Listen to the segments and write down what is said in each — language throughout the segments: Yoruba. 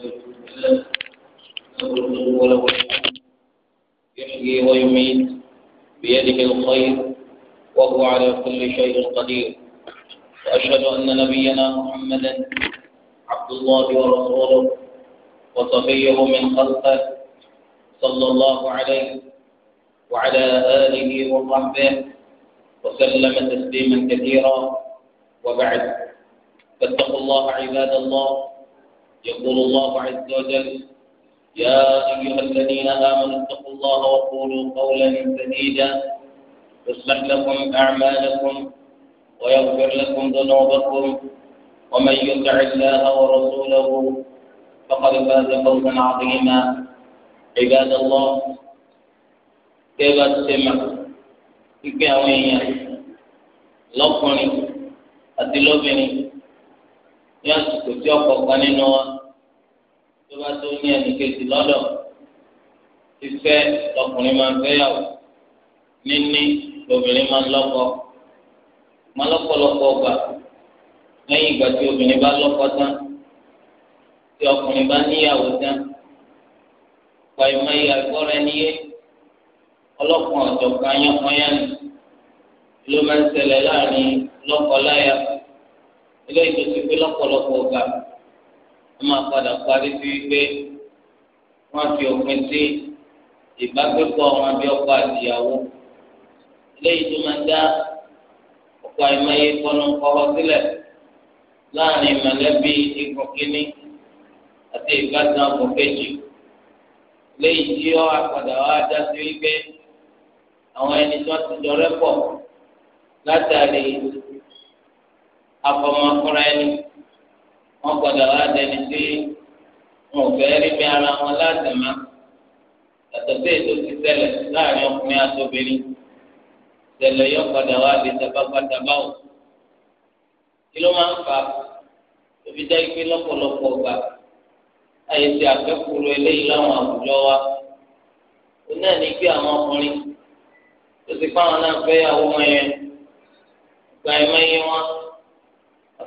له الملك وله يحيي ويميت بيده الخير وهو على كل شيء قدير وأشهد أن نبينا محمدا عبد الله ورسوله وصفيه من خلقه صلى الله عليه وعلى آله وصحبه وسلم تسليما كثيرا وبعد فاتقوا الله عباد الله يقول الله عز وجل يا أيها الذين آمنوا اتقوا الله وقولوا قولا سديدا يصلح لكم أعمالكم ويغفر لكم ذنوبكم ومن يطع الله ورسوله فقد فاز فوزا عظيما عباد الله كيف السمع كيف أوين لقني أتلوبني ní àsìkò tí ọkọ̀ kan nínú wa tó bá tó ní ẹnìkejì lọ́dọ̀ ìfẹ́ lọkùnrin máa ń fẹ́yàwó níní lobìnrin máa ń lọ́kọ máa lọ́pọ̀lọpọ̀ ọgbà lẹ́yìn ìgbà tí obìnrin bá lọ́kọ tán tí ọkùnrin bá níyàwó tán pàìmọ̀ ìyá ìkọ́ra ẹni yé ọlọ́kùnrin ọ̀jọ̀kan yánkanyán ló máa ń ṣẹlẹ̀ láàrin lọ́kọ eléyìí tó ti pé lọ́pọ̀lọpọ̀ ọ̀gá wọ́n máa padà parí sí wípé wọ́n fi òpin sí ìbágbépọ̀ wọn bí ọkọ àtìyàwó eléyìí tó máa dá ọ̀pọ̀ àìmọye kọ́nù kọ́wọ́ sílẹ̀ láàrin mọ̀lẹ́bí ikọ̀ kínní àti ìbátan ọkọ̀ kejì léyìí tí ó àpàdà wá dá sí wípé àwọn ẹni tó ti jọrẹ́ pọ̀ látàrí afọmọkùnrin ẹni wọn gbọ́dọ̀ wá dẹni tí wọn ò fẹ́ rí bí ara wọn láti má yàtọ̀ sí ètò ti ṣẹlẹ̀ láàrin ọkùnrin àtòbìnrin ṣẹlẹ̀ yóò padà wá di tabapata báwò kí ló máa ń fa tóbi jẹ́ pé lọ́pọ̀lọpọ̀ ọgbà láyé ti àfẹ́kùrú eléyìí láwọn àwùjọ wa ó náà ní pé àwọn ọkùnrin tó ti fáwọn náà fẹ́ yàwó wọn yẹn gba ẹ̀mẹ́yẹ wọn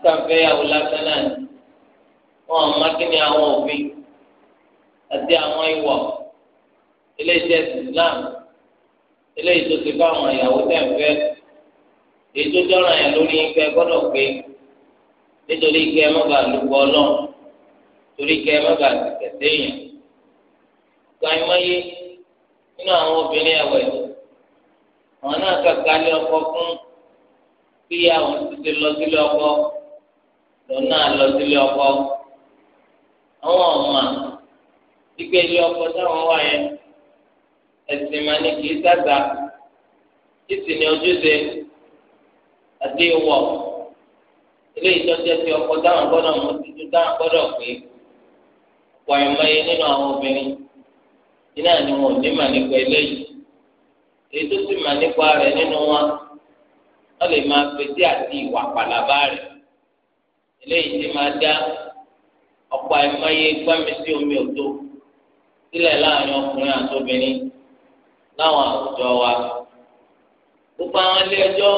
kàfẹ́yàwó lásán náà ni wọn ò má kí ni àwọn òfin àti àwọn ìwọ iléeṣẹ́ Islam eléyìí tó ti bá àwọn ìyàwó tẹ̀fẹ́ èyí tó jọ́ràn yẹn lórí ìfẹ́ gbọ́dọ̀ pé nítorí kẹ́ ẹ mọ́gà lùgbọ́ náà torí kẹ́ ẹ mọ́gà tẹ̀tẹ̀ yẹn. gbàmáyé nínú àwọn obìnrin ẹ̀wẹ̀ àwọn náà kàkà lé ọkọ fún bí àwọn ti ti lọ sílé ọkọ. lòun lọ sílé ọkọ àwọn ọmọ ìgbé ilé ọkọ táwọn wá yẹn máa ní kì í títì ní ojúṣe àti ti ọkọ táwọn gbọ́dọ̀ mú títú táwọn gbọ́dọ̀ pé ọ̀pọ̀ ìmọ̀ye nínú àwọn obìnrin iná ni wọn ò ní mà nípa eléyìí èyí tó sì mà nípa nínú wọn lè eléyìí ti máa dá ọ̀pọ̀ àìmọye gbámi sí omi òtó sílẹ̀ láàrin ọkùnrin àtobìnrin láwọn àwùjọ wa gbogbo àwọn ilé ẹjọ́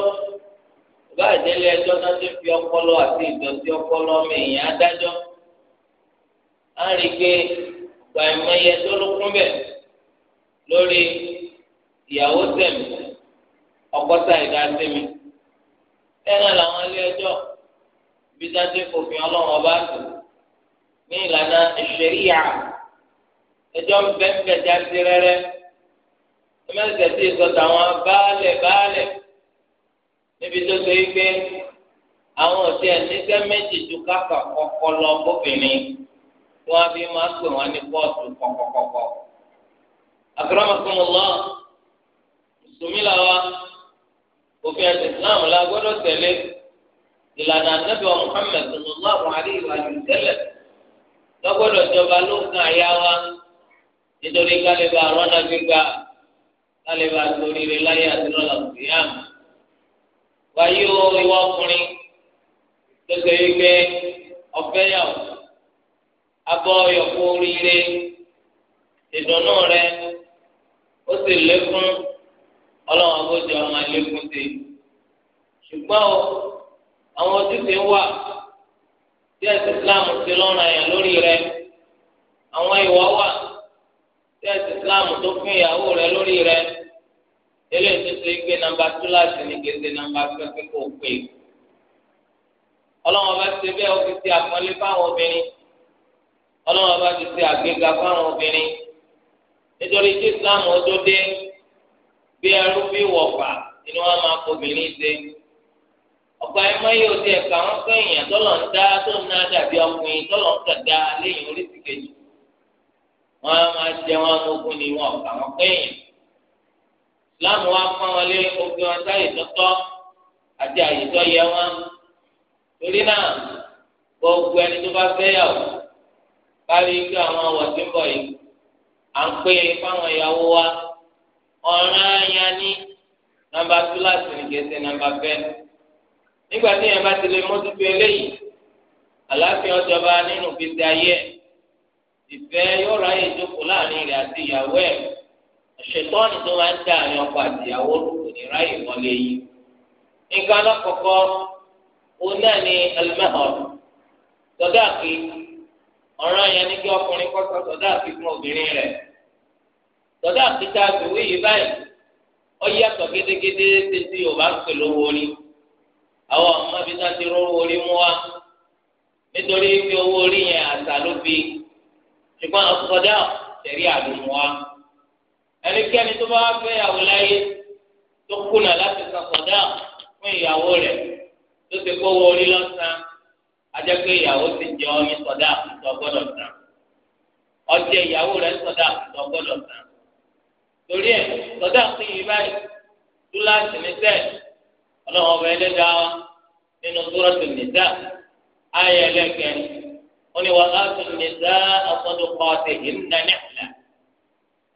ìbá ìdílé ẹjọ́ náà ti fi ọpọlọ àti ìdọ̀tí ọpọlọ mẹ́yìn adájọ́ á rí i pé ọ̀pọ̀ àìmọye ẹjọ́ ló kún bẹ̀ lórí ìyàwó tẹ̀mí ọkọ sáì dá sí mi bẹ́ẹ̀ náà ilé ẹjọ́ ibi tí a ti fòfin ọlọ́run ọba tó ní ìlànà ìṣẹ̀ríyà ẹjọ́ ń bẹ́ ń bẹ̀ já sí rẹ́rẹ́ ẹmẹ́sẹ̀ tí ìsọ̀tà àwọn baálẹ̀ baálẹ̀ níbi tó ṣe é gbé àwọn òsì ẹ̀níṣẹ́ méjì ju káfà kọ́kọ́ lọ bóbìnrin tí wọ́n fi máa pè wọ́n ní kóòtù kọ̀kọ̀kọ̀kọ̀. àkàràmọ̀kùnmọ̀lá mùsùlùmí làwa òfin ẹ̀sìn Islam la gbọ́dọ̀ tẹ̀lé ìlànà ànábì wa Muhammad sallallahu alayhi wa sallam lọ́gbọ́dọ̀ jọba ló ń kan àyà wa nítorí kálíbà rọ́nà gbígbà kálíbà torí rẹ láyé àti lọ́la kìíyàmù. wáyé o ìwọ ọkùnrin tó ṣe wípé ọ̀fẹ́ yà ó abọ́ ìdùnnú rẹ ó sì lékún ọlọ́run agbójọ ọmọ lékún sí i ṣùgbọ́n o àwọn ojúṣe wà tí ẹ̀sìn Islam ti lọ́rùn àyàn lórí rẹ àwọn ìwà wà tí ẹ̀sìn Islam tó fún ìyàwó rẹ lórí rẹ eléyìí tó ṣe gbé nàmbà túláàsì ní kéde nàmbà pẹ́pẹ́ kò pé ọlọ́wọ́n bá ti bẹ́ẹ̀ ó fi ti àpọ́nlé fáwọn obìnrin ọlọ́wọ́n bá ti ti àgbéga fáwọn obìnrin nítorí tí Islam ó tó dé bí ẹrú bí wọ̀fà ni wọ́n máa kó obìnrin ṣe. ọgbà ẹ má yóò di ẹ̀ka wọn fẹ́ èèyàn tọ́lọ̀ ń na tó ń ná dàbí ọkùnrin tọ́lọ̀ ń kàdá léyìn oríṣi kejì wọn a máa jẹ wọn lógún ni wọn ọ̀gá wọn fẹ́ èèyàn láàmú wa fún wọn lé obìnrin wọn sáyè tọ́tọ́ àti àyè yẹ wọn torí náà gbogbo ẹni tó bá fẹ́ yà kí àwọn nígbà tí yẹn bá ti lè mójútó eléyìí àlàáfíà ọjọba nínú gbèsè ayé ìfẹ́ yóò ráyè jókòó láàrin rẹ̀ àti ìyàwó ẹ̀ ṣètọ́ni tó máa ń dá àárín ọkọ àti ìyàwó kò ní ráyè wọlé yìí. nǹkan alákọ̀ọ́kọ́ òun náà ni alimẹ́hàn sọdáàkì ọ̀ràn yẹn ní kí ọkùnrin kọ́kọ́ sọdáàkì fún obìnrin rẹ̀ sọdáàkì tá a fi wí yìí báyìí ó àwọn ọmọ bíi tá ti rówó orí mú wa nítorí pé owó orí yẹn àṣà ló fi ṣùgbọ́n ọ̀sọ̀dá tẹ̀rí àdùnmọ́ wa ẹnikẹ́ni tó bá fẹ́ ìyàwó láyé tó kùnà láti sọ̀sọ̀dá fún ìyàwó rẹ̀ tó ti kówó orí lọ́sàn-án ajẹ́pé ìyàwó ti jẹ́ ọ ní sọ̀dá tó gbọ́dọ̀ san ọjẹ́ ìyàwó rẹ̀ sọ̀dá tó gbọ́dọ̀ san torí ẹ̀ sọ̀dá fún yìí báyìí ọlọ́run ọba ẹlẹ́dàá wa nínú suratul nisa ayé ẹlẹ́kẹ̀ẹ́ ó ní wàá tún nìta ọ̀sọ́dún kọ́ọ̀tì ìnà nìkìlá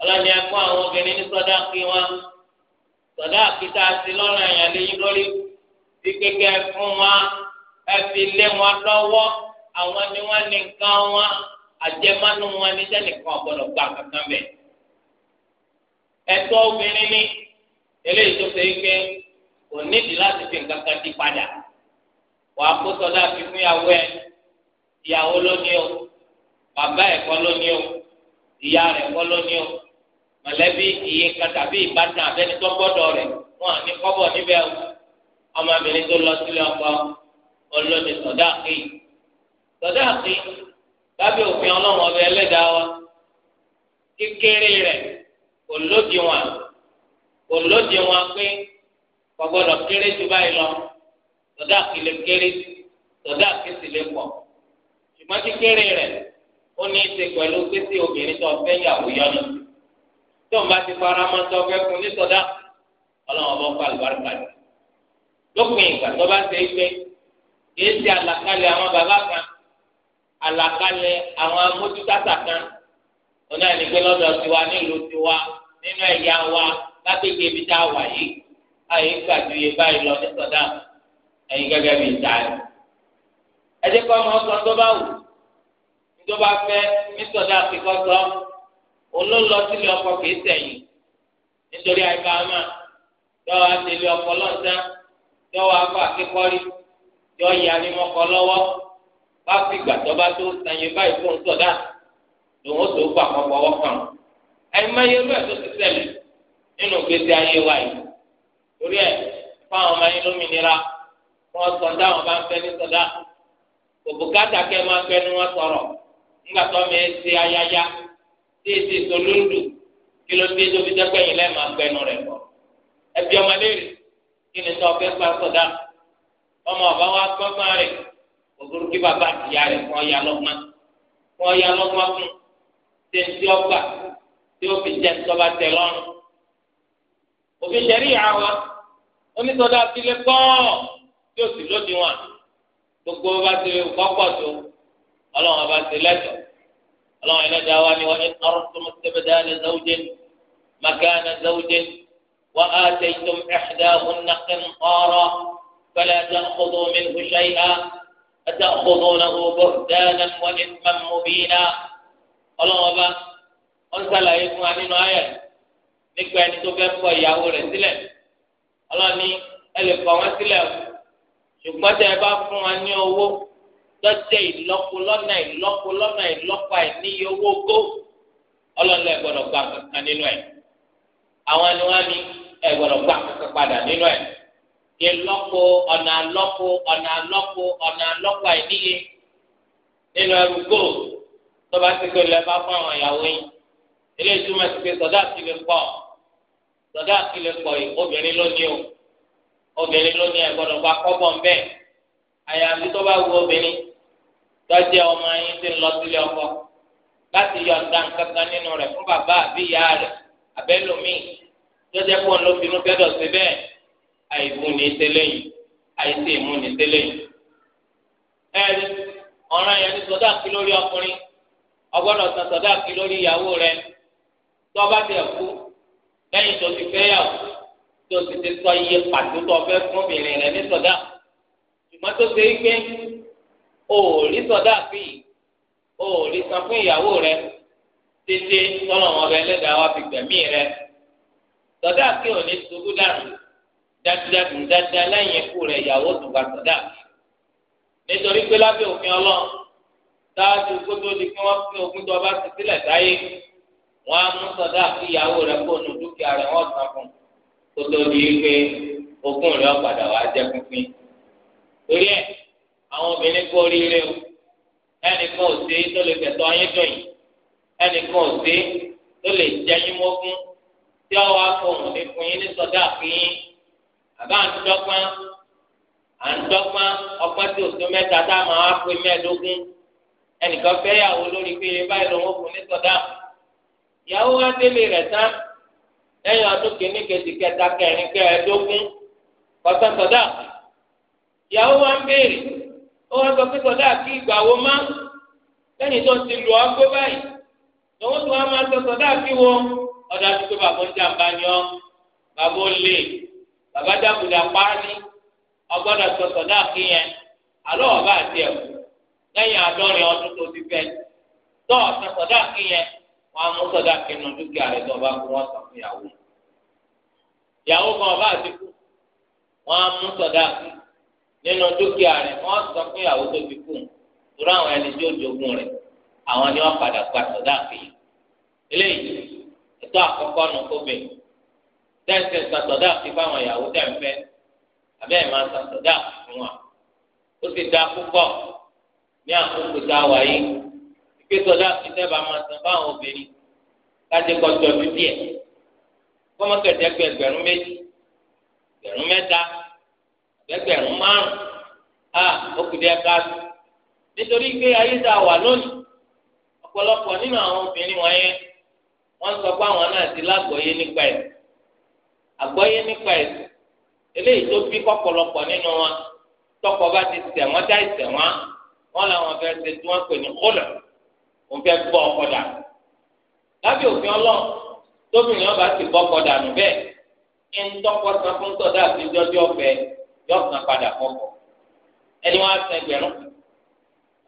ọlọ́run ni a kó àwọn obìnrin ní sọ́dá kí sọ́dá kíta sí léyìn lórí bí kékeré fún lé wọn lọ́wọ́ àwọn ni wọ́n ní nǹkan wọn àjẹmánu wọn ọ̀gbọ́dọ̀ gbà kankan bẹ̀ kò nídìí láti fi nǹkan kan di padà wà á kó sọlá fi fún ìyàwó ẹ ìyàwó lónìí o bàbá ẹ kọ́ lónìí o ìyá rẹ kọ́ lónìí o mọ̀lẹ́bí iye kan tàbí ìbátan abẹni tó gbọ́dọ̀ rẹ wọn ní kọ́bọ̀ níbẹ̀ o ọmọbìnrin tó lọ sílé ọkọ olóde sọdáàkì sọdáàkì lábẹ́ òfin Ọlọ́run ọbẹ Ẹlẹ́dàá wa kékeré rẹ kò lódiwọn kò lódiwọn gbọgbọdọ kéré ju báyìí lọ tọdá kele kéré tọdá kesi lè pọ̀ ṣùgbọ́n tí kéré rẹ̀ ó ní í ṣe pẹ̀lú obìnrin tó fẹ́ yàwó yọnu tó ń bá ti fara mọ́ tó fẹ́ fún ní sọdá Ọlọ́run ọba ọkọ àlùbáríkà rẹ̀ lópin ìgbà tó bá ṣe é gbé kìí ṣe àlàkalẹ̀ àwọn bàbá kan àlàkalẹ̀ àwọn amójútàtà kan ọ̀nà ìgbélọ́dọ̀ tiwa nílùú tiwa nínú ẹ̀yà wa lágbègbè ibi tá a wà yìí àyè gbàdú yẹ báyìí lọ ní sọdá ẹyin gẹ́gẹ́ bíi ìtaari ẹjẹ kọ ọmọ ọsàn tó bá wù tó bá fẹ́ ní sọdá àfikọ sọ olólọ sílé ọkọ kìí nítorí àyíká ọmọ ọkọ lọsàn yọọ akọ akẹkọrí yọọ mọkọ lọwọ. bá fi gbà tó bá tó báyìí fún sọdá lòun ó tó gbà kọ ti nínú gbèsè ayé wa yìí. torí ẹ fáwọn ọmọ yín lómìnira wọn sọ dáwọn bá ń fẹ́ ní sọdá òbúkátà kẹ máa ń fẹ́ ní wọn ayaya nígbà tó mi ṣe ayáyá tí èsì ìsolóńdù kí ló dé tó fi dẹ́gbẹ́ yìí lẹ́ẹ̀ máa gbẹnu rẹ̀ bọ̀ ẹbí ọmọ léèrè kí ni pa sọdá ọmọ ọba wa rẹ̀ kí bàbá àtìyá rẹ̀ fún ọya lọ́gbọ́n fún ọya lọ́gbọ́n onítọ̀dá tilẹ̀ pọ̀ tí o sì lóde wọn gbogbo bá ti kọ́kọ́ tó ọlọ́run bá ti lẹ́tọ̀ ọlọ́run ẹlẹ́dàá wa ni wọ́n ní ọ̀rọ̀tún tẹ́bẹ̀dálẹ̀ zawjin makana zawjin wa ataytum ihdahunna qintaran fala ta'khudhu minhu shay'an ata'khudhunahu buhtanan wa ithman mubina ọlọ́run bá ọ̀nsálàyé fún wa nínú ayẹ̀ nígbà ẹni tó fẹ́ kọ ìyàwó rẹ̀ sílẹ̀ ọlọ́ni ẹ lè kọ̀ wọ́n sílẹ̀ o ṣùgbọ́n tẹ́ ẹ bá fún wa ní owó lọ́jẹ́ ìlọ́po lọ́nà ìlọ́po lọ́nà ìlọ́po àìníye owó gó ọlọ́ni ẹ gbọ́dọ̀ gba kankan nínú ẹ̀ àwọn ni wọ́n ní ẹ gbọ́dọ̀ gba kankan padà nínú ẹ̀ ìlọ́po ọ̀nà àlọ́po ọ̀nà àlọ́po ọ̀nà àlọ́po àìníye nínú ẹrú góòlù tó bá ti gbé lẹ́ bá fún àwọn ìyàwó yìí eléyìí túmọ̀ sí pé sọ̀dá ti lè pọ̀ sọdá àkìlẹ̀ pọ̀ yìí obìnrin lónìí o obìnrin lónìí ẹ̀ gbọ́dọ̀ gba kọ́bọ̀ ńbẹ́ àyàfi tó bá wu obìnrin tọ́jú ọmọ yín ti ń lọ sílé ọkọ láti yọ ọ̀dà kankan nínú rẹ̀ fún bàbá àbí ìyá rẹ̀ abẹ́lómìn jọjẹ pọ̀ ló finú fẹ́dọ̀ sí bẹ́ẹ̀ àìbùnì tẹ́lẹ̀yìn àìsí ìmúni tẹ́lẹ̀yìn. ẹ̀rí ọ̀ràn yẹn ní sọdá kí lórí ọkùnrin ọgbọ́dọ̀ san sọdá lórí ìyàwó rẹ̀ tọ́ bá tẹ̀ kú lẹ́yìn tó ti fẹ́ yàwó tó ti ti sọ iye pàtó tó fẹ́ fún obìnrin rẹ̀ ní sọ̀dá ṣùgbọ́n tó ṣe é gbé òòrí sọ̀dá fi òòrí san fún ìyàwó rẹ̀ tètè tọ́lọ̀ wọn bẹ lẹ́dàá wa fi gbẹ̀mí rẹ̀ sọ̀dá kí òní ṣubú dànù dájúdájú dájúdá lẹ́yìn ikú rẹ̀ ìyàwó tó gba sọ̀dá nítorí pé lábẹ́ òfin ọlọ́run dáadé kótó di kí wọ́n fi ogún tó ọba ti sílẹ̀ sáyé wọn á mú sọdá kí ìyàwó rẹ kó nu dúkìá rẹ wọn san fún kó tó di pé ogún rẹ padà wá jẹ pínpín torí ẹ àwọn obìnrin kó oríire o ẹnìkan ò sí tó lè tẹ̀tọ́ ayé dùn yìí ẹnìkan ò sí tó lè jẹ́ yín mọ́gún tí ọ wá fòun ní fún yín ní sọdá fún yín àbá ń dọ́gbọ́n à ń dọ́gbọ́n ọgbọ́n tí òsín mẹ́ta tá a máa wá pé mẹ́ẹ̀ẹ́dógún ẹnìkan fẹ́yàwó lórí pé báyìí lòun fún ní sọdá fún ìyàwó wa délé rẹ̀ tán lẹ́yìn ọdún kìíní kejì kẹta kẹrin kẹẹ̀ẹ́dógún kọsọ sọdá ìyàwó wa ń béèrè ó wá sọ pé sọdá kí ìgbà wo má lẹ́yìn tó ti lù ọ́ gbé báyìí lòun tó wá máa sọ sọdá kí wo ọ̀dà àdúgbò bàbá ń jàǹbá yọ bàbá ó lè bàbá dàkúdà pàání ọgbọ́dọ̀ sọ sọdá kí yẹn àlọ́ ọ̀bá àti ẹ̀kú lẹ́yìn àádọ́rin ọdún tó ti fẹ́ tọ́ ọ̀sán sọdá kí yẹn wọn á mú sọdá kinu dúkìá rẹ tó bá kú wọn sọ fún ìyàwó ìyàwó kan ọba àti kú wọn á mú sọdá nínú dúkìá rẹ wọn sọ fún ìyàwó tó fi kú torí àwọn ẹni tí ó jogún rẹ àwọn ni wọn padà gba sọdá kìí eléyìí ètò àkọ́kọ́ nù kóbe tẹsí san sọdá kìí fáwọn ìyàwó tẹ ń fẹ́ abẹ́ ẹ̀ máa sọdá kìí fún wa ó sì dá púpọ̀ ní àkókò tá a wà pé sọdá ìtẹ́bà máa san fáwọn obìnrin láti kọjọ títí ẹ̀ kọ́mọ́kẹ̀tẹ́ pé ẹgbẹ̀rún méjì ẹgbẹ̀rún mẹ́ta ẹgbẹ̀rún márùn-ún a òkùdíẹ̀ káàdì nítorí pé ayé tá a wà lónìí ọ̀pọ̀lọpọ̀ nínú àwọn obìnrin wọ̀nyẹn wọ́n sọ pé àwọn náà ti lágbọ̀ọ́yé nípa ẹ̀ àgbọ́yé nípa ẹ̀ eléyìí tó bí kọ́pọ̀lọpọ̀ nínú wọn tọkọ bá ti tẹ̀ dá ìtẹ̀ wọn làwọn fẹ́ẹ́ ṣe tí wọ́n pè ní kólọ̀ òun fẹ́ bọ́ ọkọ dànù lábẹ́ òfin ọlọ́run tóbìnrin ọba ti bọ́ ọkọ dànù bẹ́ẹ̀ ń tọ́kọ san fún tọ́jà àti jọjọ́ ọ̀fẹ́ yóò san padà ẹni wọn ẹgbẹ̀rún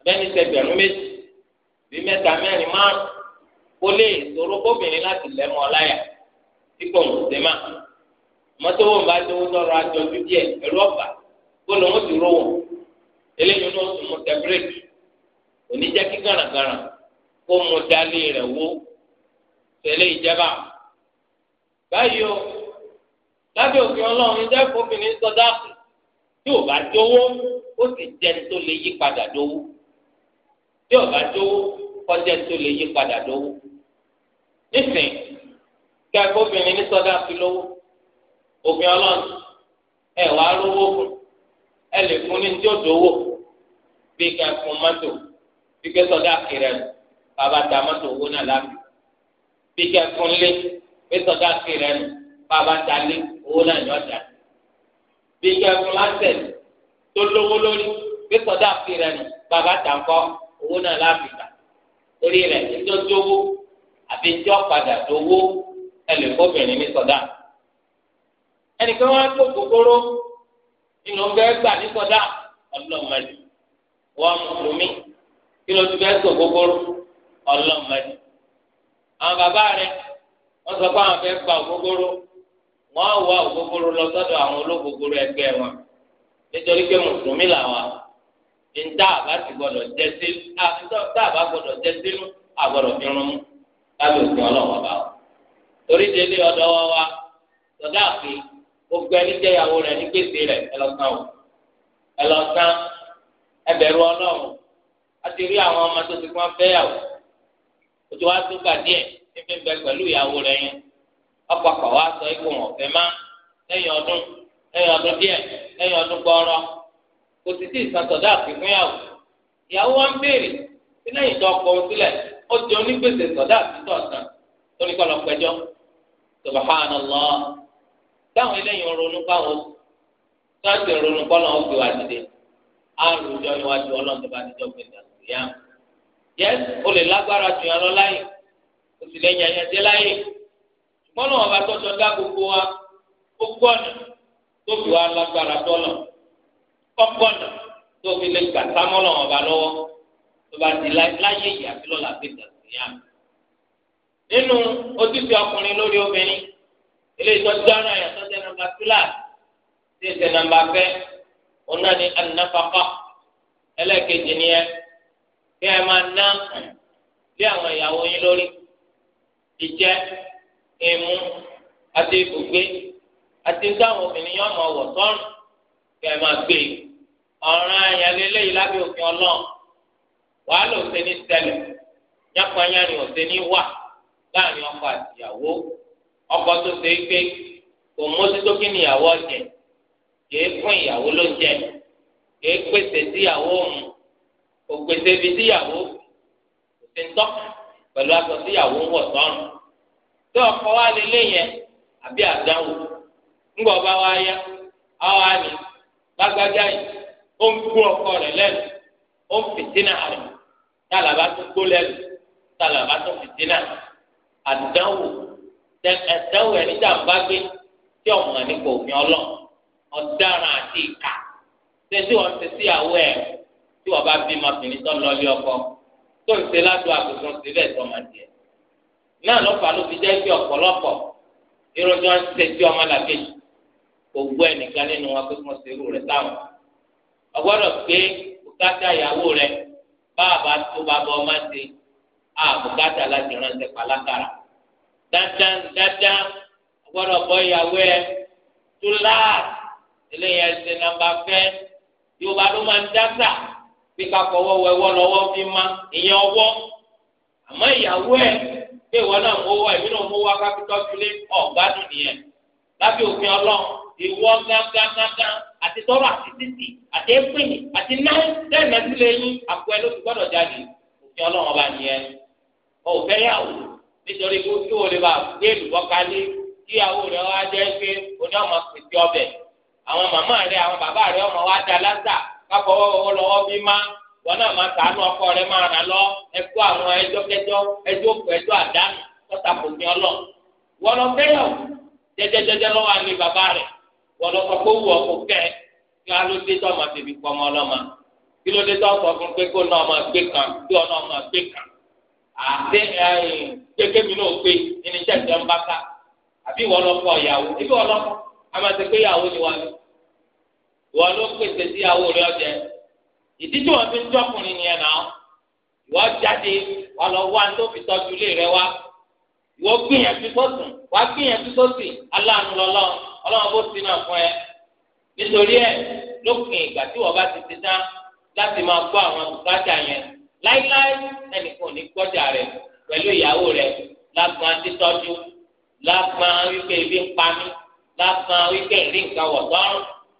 abẹ́ni méjì bí mẹ́ta mẹ́rin kó lè sọ̀rọ̀ kóbìnrin láti ọláyà tí kò ń sè má bá àjọjú díẹ̀ kó mu dalé rẹ̀ wó tẹ̀lé ìjẹba báyìí o lábẹ́ òfin ọlọ́run jẹ́ fóbìnrin sọdá tí ò bá dówó ó sì jẹ́ tó lè yí padà dówó tí ò bá dówó kọjá tó lè yí padà dówó nísìn kí agbófinrin ní sọdá fi lówó òfin ọlọ́run ẹ wàá lówó fún ẹ lè fún ní tí ó dówó bí kí fún mọ́tò bí kí sọdá kiri ẹ̀ lọ bàbá ta mọ́tò owó náà lábì bí kẹ́ fún lé bí sọ́dá sí rẹ nù bàbá ta lé owó náà ní ọjà bí kẹ́ fún tó lówó lórí bí sọ́dá sí rẹ nù bàbá ta ńkọ́ owó náà lábì gbà torí rẹ̀ níjọ́ dówó àbí níjọ́ padà dówó ẹlẹ́fọ́bìnrin ní sọ́dá ẹnìkan wọn kó kòkòrò nínú bẹ́ẹ̀ gbà ní sọ́dá ọlọ́mọdé wọn mùsùlùmí kí ló ti bẹ́ẹ̀ sọ kòkòrò. ọlọ́mọdé àwọn bàbá rẹ wọ́n sọ pé àwọn fẹ́ gba ògógóró á ògógóró lọ àwọn wọn nítorí pé mùsùlùmí làwọn níta àbá ti jẹ níta àbá jẹ fi rún mú òfin bá wọn. torí délé ọdọ wọn wá sọdá àfi gbogbo ẹni jẹyàwó rẹ ní rẹ ẹlọsàn o ẹlọsàn rí o ti wá dúgba díẹ̀ níbi bẹ pẹ̀lú ìyàwó rẹ̀ yẹn ọ̀pọ̀pọ̀ sọ ikú wọn fẹ́ má lẹ́yìn ọdún lẹ́yìn ọdún díẹ̀ lẹ́yìn ọdún gbọ́ọ́rọ́ kò sì tí ì sàtọ̀dá ìyàwó wa ń béèrè sí tó ọkọ òun sílẹ̀ ó di onígbèsè sọ̀dá àtúntò ọ̀sán tó ní kọ́lọ́ pẹjọ́ lọ táwọn eléyìí ronú káwọn ronú ó fi wá yẹn o lè lágbára jù yàn lọ láyè o sì lè yàn yàn dé láyè ṣùgbọ́n náà wọn bá tọ́jú ọ̀dá gbogbo wa ó gbọ́nà tó fi wá lágbára tọ́lọ̀ ó gbọ́nà tó fi lè gbà sámọ́lọ̀ wọn bá lọ́wọ́ tó bá di láyè yìí àti lọ́la fi tẹ̀sí yàn. nínú ojúṣe ọkùnrin lórí obìnrin ilé ìtọ́jú ara yẹn tọ́jú nàmbà kíláàsì tí ìṣẹ̀ nàmbà fẹ́ ọ̀nà ni ni kí ẹ máa ná lé àwọn ìyàwó yín lórí ìjẹ ìmú àti ibùgbé àti táwọn obìnrin yóò máa wọ̀ sọ́run kí ẹ máa gbé ọ̀ràn àyànlélẹ́ yìí lábẹ́ òfin ọlọ́run wàá lò ṣe ní ṣẹlẹ̀ yánpọnyánrin ò ṣe ní wà láàrin ọkọ àtìyàwó ọkọ tó ṣe é gbé kò mójútó kí níyàwó ọjẹ kìí fún ìyàwó ló jẹ kìí pèsè síyàwó òun ògbèsè ibi síyàwó òsè ńtọ́ pẹ̀lú aṣọ síyàwó ń wọ̀ sọ́run tí ọkọ wa lè léyìn àbí àdánwò ńgbọ̀ bá wa yá àwa ni lágbájá yìí ó ń gbó ọkọ rẹ̀ lẹ́nu ó ń fìtínà rẹ̀ tálàbà tó gbó lẹ́nu tálàbà tó fìtínà àdánwò ẹ̀dánwò ẹni tá à ń bá gbé tí ọ̀mọ̀ nípa òfin ọlọ́ọ̀ ọ̀daràn àti ìkà ṣé tí wọ́n ti síyàwó ẹ̀ tí wọ́n bá bímọ obìnrin tó lọ lé ọkọ tó ń ṣe ládùn àtúntò síbẹ̀ tó máa jẹ náà lọ́fà ló fi jẹ́ kí ọ̀pọ̀lọpọ̀ irun tí wọ́n ń ṣe tí ọmọ làkejì kò gbọ́ ẹnìkan nínú wọn pé wọ́n ṣe irú rẹ̀ táwọn ọgbọ́dọ̀ pé bùkátà ìyàwó rẹ̀ báàbá tó bá bọ́ ọmọ ṣe á bùkátà láti ránṣẹ́ pàlákàrà dandan dandan ọgbọ́dọ̀ bọ́ ìyàwó ẹ tó láàt eléyìí ẹsẹ̀ nàmbà fẹ́ yóò bá ló máa ń dáta bí ká fọwọ́ wọ ẹwọ́ lọ́wọ́ fi má ìyẹn ọwọ́ àmọ́ ìyàwó ẹ̀ pé ìwọ náà mú wá ìbínú mú wá kápítọ́ sílé ọ̀gbádùn nìyẹn lábẹ́ òfin ọlọ́run ìwọ gángangangan àti tọrọ àti títì àti ẹ̀pìnì àti náà dẹ́nà sílé yín àpò ẹ ló ti gbọ́dọ̀ jáde òfin ọlọ́run ọba nìyẹn ọ̀fẹ́ yàwó nítorí kó kí wọ́n lè bá gbé ìlúbọ́kálé kíyàwó rẹ̀ wá jẹ́ pé oní ọmọ pèsè ọbẹ̀ àwọn màmá rẹ̀ àwọn bàbá rẹ̀ ọmọ wa da lásà káfọwọ́ wọ́wọ́ lọ́wọ́ bí ma wọn náà máa sàánú ọkọ rẹ máa ràn lọ ẹkọ àwọn ẹjọ́ kẹjọ ẹjọ́ òkú ẹjọ́ àdánù tọ́tàkùnfin ọlọ́ọ̀ ọlọ jẹjẹjẹjẹ bàbá lọ ọkọ kí tó ọmọ bèbí ọmọ kí tó ọkọ fún pé kó gbé kan kí ọ gbé kan àti mi náà gbé ká ìwọ ló pèsè sí ìyàwó rẹ ọjẹ ìdí tí wọn fi ń tọkùnrin yẹn náà ìwọ jáde wọn lọ wá tó fi tọ́jú ilé rẹ wá ìwọ gbìyànjú sọsùn wá gbìyànjú sọsì aláàánú lọ́lọ́run Ọlọ́run bó ti náà fún ẹ nítorí ẹ lópin ìgbà tí wọn bá ti ti tán láti máa gbọ́ àwọn bùkátà yẹn láíláí ẹnìkan ò ní gbọ́jà rẹ pẹ̀lú ìyàwó rẹ lágbọn títọ́jú lágbọn wípé ibi ń pa mí lágbọn wípé ìrí nǹkan wọ̀ sọ́run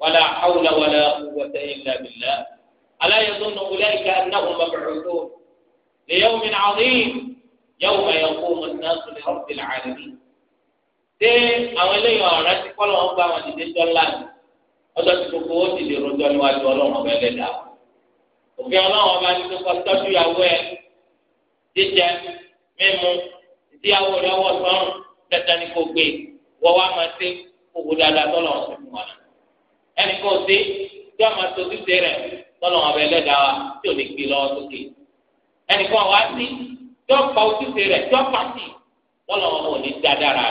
ولا حول ولا قوة إلا بالله ألا يظن أولئك أنهم مبعوثون ليوم عظيم يوم يقوم الناس لرب العالمين ṣé àwọn قالوا ọ̀rẹ́ ti الله. lọ́wọ́ bá wọn dìde jọ́lá ni ọjọ́ ti gbogbo ó ti lè rojọ́ níwájú ọlọ́run ọba ẹlẹ́dà òfin ọlọ́run ọba ti kọ́ tọ́jú ìyàwó ẹ jíjẹ mímu ìdíyàwó rẹ wọ̀ sọ́run tẹ́tẹ́ ní kò gbé wọ́n wá máa ṣe dáadáa tọ́lọ̀ ọ̀sẹ̀ fún wa ẹnì kan dé tí wọn máa tóbi tẹ rẹ lọ́nà ọ̀bẹ lẹ́dàá tí ò lè gbé lọ sókè ẹnì kan wá sí tí wọn pa ojúṣe rẹ tí wọn pa sí lọ́nà ọ̀bẹ òní dáadáa rẹ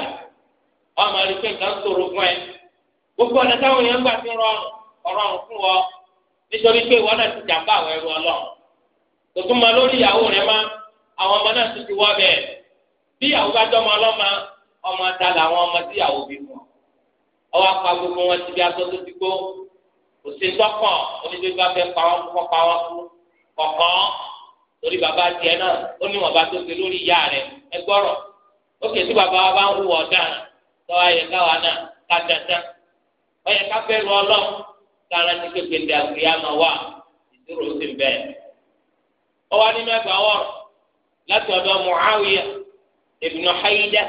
wọn máa rí pé nǹkan fún ẹ gbogbo ọ̀nà táwọn èèyàn gbà fi rọrùn ọ̀rọ̀rùn fún wọn nítorí pé ìwọ náà ti jàmbá àwọn ẹrù ma, lórí ìyàwó rẹ má àwọn ọmọ náà bí ìyàwó bá ọmọ ọwọ́ apá gbogbo wọn ti bí aṣọ tó ti gbó òṣèǹtọ́kàn oníbíbá fẹ́ pa wọn kọ́ pa wọn kú kọ̀ọ̀kan lórí bàbá tiẹ̀ náà ó ní wọn bá tó ṣe lórí ìyá rẹ̀ ẹ gbọ́rọ̀ ó kè sí bàbá wa bá ń hùwà ọ̀daràn tọ́wọ́ ayẹ káwa náà ká dandan ọyẹ ká fẹ́ lu ọlọ́run kára ti ké gbèndé àgbéyà máa wà ìdúró sí bẹ́ẹ̀. ọwọ́ nínú ẹgbàá wọ̀rọ̀ láti ọ̀dọ̀ Muawiya ibn Haida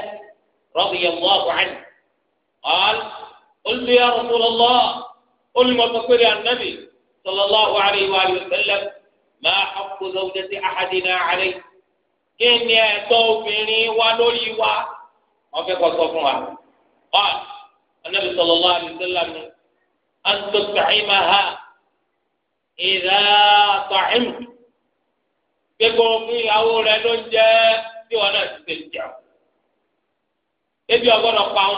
radiyallahu anhu قلت يا رسول الله قل ما تقول يا النبي صلى الله عليه وآله وسلم ما حق زوجة أحدنا عليه كن يا توفيني ولولي و وفي قصفها قال النبي صلى الله عليه وسلم أن تطعمها إذا طعمت gbogbo fún ìyàwó rẹ ló ń jẹ bí wọn náà ti ṣe jẹun ebi ọgbọdọ pa wọn